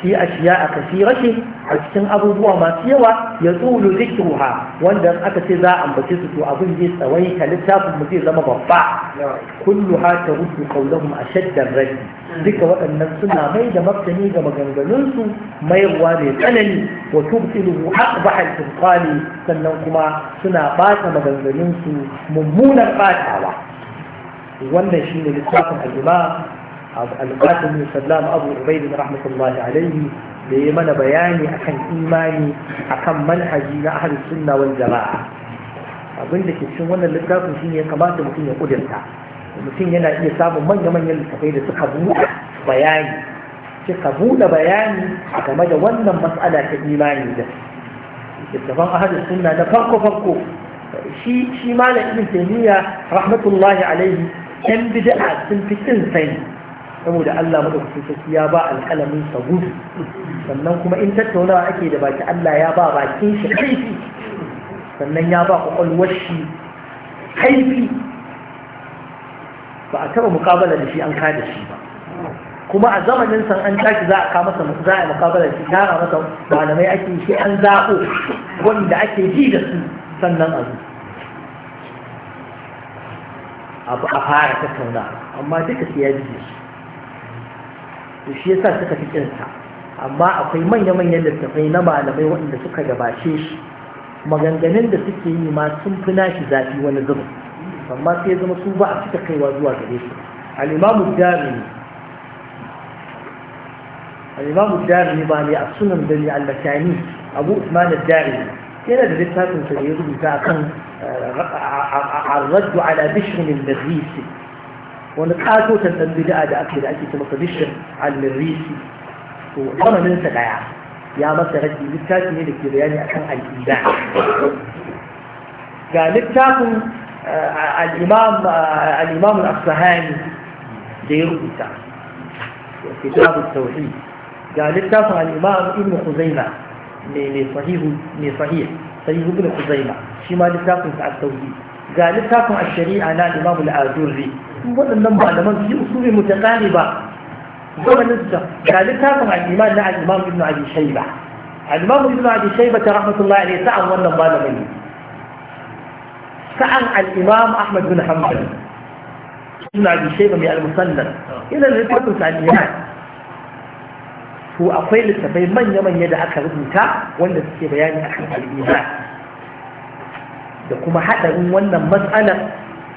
fi ashiya a kasirashin a cikin abubuwa masu yawa ya tsulu zikruha wanda aka ce za a ambace su to abin zai tsawaita littafin mu zai zama babba kullu ha ta rudu qaulahum ashaddan raddi duka waɗannan suna mai da martani ga maganganun su mayarwa mai tsanani wa tubtiluhu aqbaha al sannan kuma suna bata maganganun su mummunan batawa wannan shine littafin al-imam al-qasim bin sallam abu ubayd rahmatullahi alayhi da ya mana bayani akan imani akan manhaji na ahlus sunna wal jama'a abin da ke cikin wannan littafin shine ya kamata mutum ya kudurta mutum yana iya samun manya-manyan littafai da suka buɗe bayani suka buɗe bayani game da wannan matsala ta imani da littafan ahadin sunna na farko-farko shi shi malam ibn taymiya rahmatullahi alaihi Ƴan bid'a sun fi kin sani saboda Allah madaukakin sarki ya ba alƙalamin sa sannan kuma in tattaunawa ake da baki Allah ya ba bakin shi kaifi sannan ya ba kwakwalwar shi kaifi ba a taɓa mukabala da shi an kada shi ba kuma a zamanin san an tashi za a kama masa za a mukabala shi tara masa malamai ake shi an zaɓo wanda ake ji da su sannan a zuwa abu a fara tattauna amma duka su ya biye su shi yasa suka fi kinsa amma akwai manya-manyan littattafai na malamai waɗanda suka gabace shi maganganun da suke yi ma sun fi nashi zafi wani zuba amma sai zama su ba a cika kaiwa zuwa gare su al'imamu jami'i al'imamu jami'i ba ne a sunan da Allah allakani abu usman jami'i yana da littafin sa da ya rubuta akan الرد على بشر المريسي ونتقاتل تنبدا ده اكيد اكيد تبقى بشر على المريسي وانا من سجايا يا ما سجدي لكاتي من الكرياني اكن الاباء قال لكاتي آه، الامام آه، الامام الاصفهاني دير بتاع كتاب التوحيد قال لكاتي الامام ابن خزيمه من صحيح من صحيح sai ibn Khuzaima shi ma littafin sa at-tauhid ga littafin ash-shari'a na Imam al-Azuri waɗannan malaman su usuli mutaqaliba zamanin sa ga littafin al-iman na al-Imam Ibn Abi Shayba al-Imam Ibn Abi Shayba rahmatullahi alayhi sa'an wannan malamin ne sa'an al-Imam Ahmad bin Hanbal Ibn Abi Shayba mai al-Musannad ila littafin sa al-Iman to akwai littafai manya-manya da aka rubuta wanda suke bayani a kan al'iman da kuma haɗarin wannan matsalar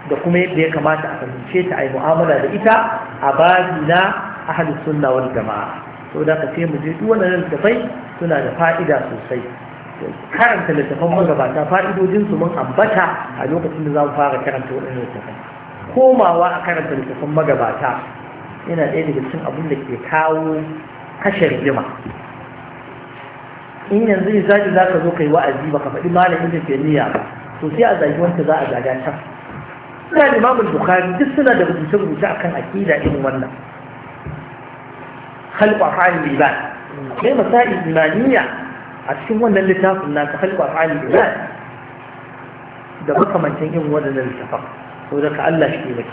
da kuma yadda ya kamata a fahimce ta a yi mu'amala da ita a bazi na ahalin sunna wal jama'a sau da ka mu je duk wannan littafai suna da fa'ida sosai karanta littafan magabata fa'idojinsu mun ambata a lokacin da za mu fara karanta waɗannan littafai komawa a karanta littafan magabata yana ɗaya daga cikin abin da ke kawo kashe rigima in yanzu misali za ka zo ka yi wa'azi ba ka faɗi malamin da taimiyya ba to sai a zagi wanda za a zaga can da imamul bukhari duk suna da rubuce-rubuce akan aƙida irin wannan خلق أفعال العباد هي مسائل إيمانية أتكلم وانا اللي تاف الناس خلق أفعال العباد ده بقى من تنجم وانا اللي تفق ke الله Aka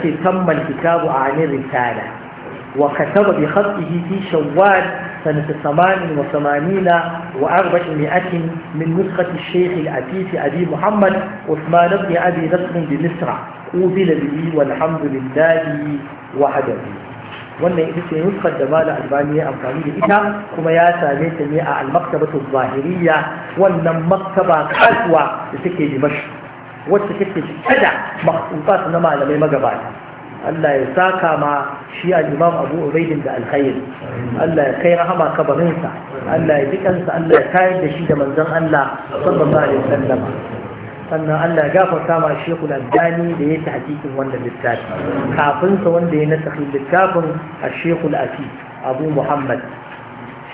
ce أكتي kitabu a عن الرسالة وكتب بخطه في شوال سنة ثمان وثمانين وأربعمائة من نسخة الشيخ العفيف أبي محمد عثمان بن أبي نصر بمصر قوبل به والحمد لله وحده wannan ita ce nuskar da mala albani amfani da ita kuma ya same ta ne a ta zahiriya wannan maktaba kasuwa da take dimashi wacce take cike da makhsusat na malamai magabata Allah ya saka ma shi al-Imam Abu Ubaidin da alkhairi Allah ya kai rahama kabarinsa Allah ya jikansa Allah ya tayar da shi da manzon Allah sallallahu alaihi wasallam sannan Allah ya gafarta ma Sheikhul Albani da yake hakikin wannan littafi kafin sa wanda ya nasa littafin a Sheikhul Afi Abu Muhammad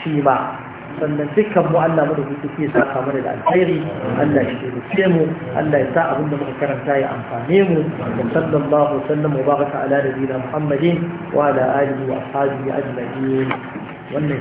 shi ma sannan dukkan mu Allah mu da ke suke sa kamar da alkhairi Allah shi ke mu Allah ya sa abin da muka karanta ya amfane mu wa sallallahu sallam wa baraka ala nabiyina Muhammadin wa ala alihi wa ashabihi ajma'in wannan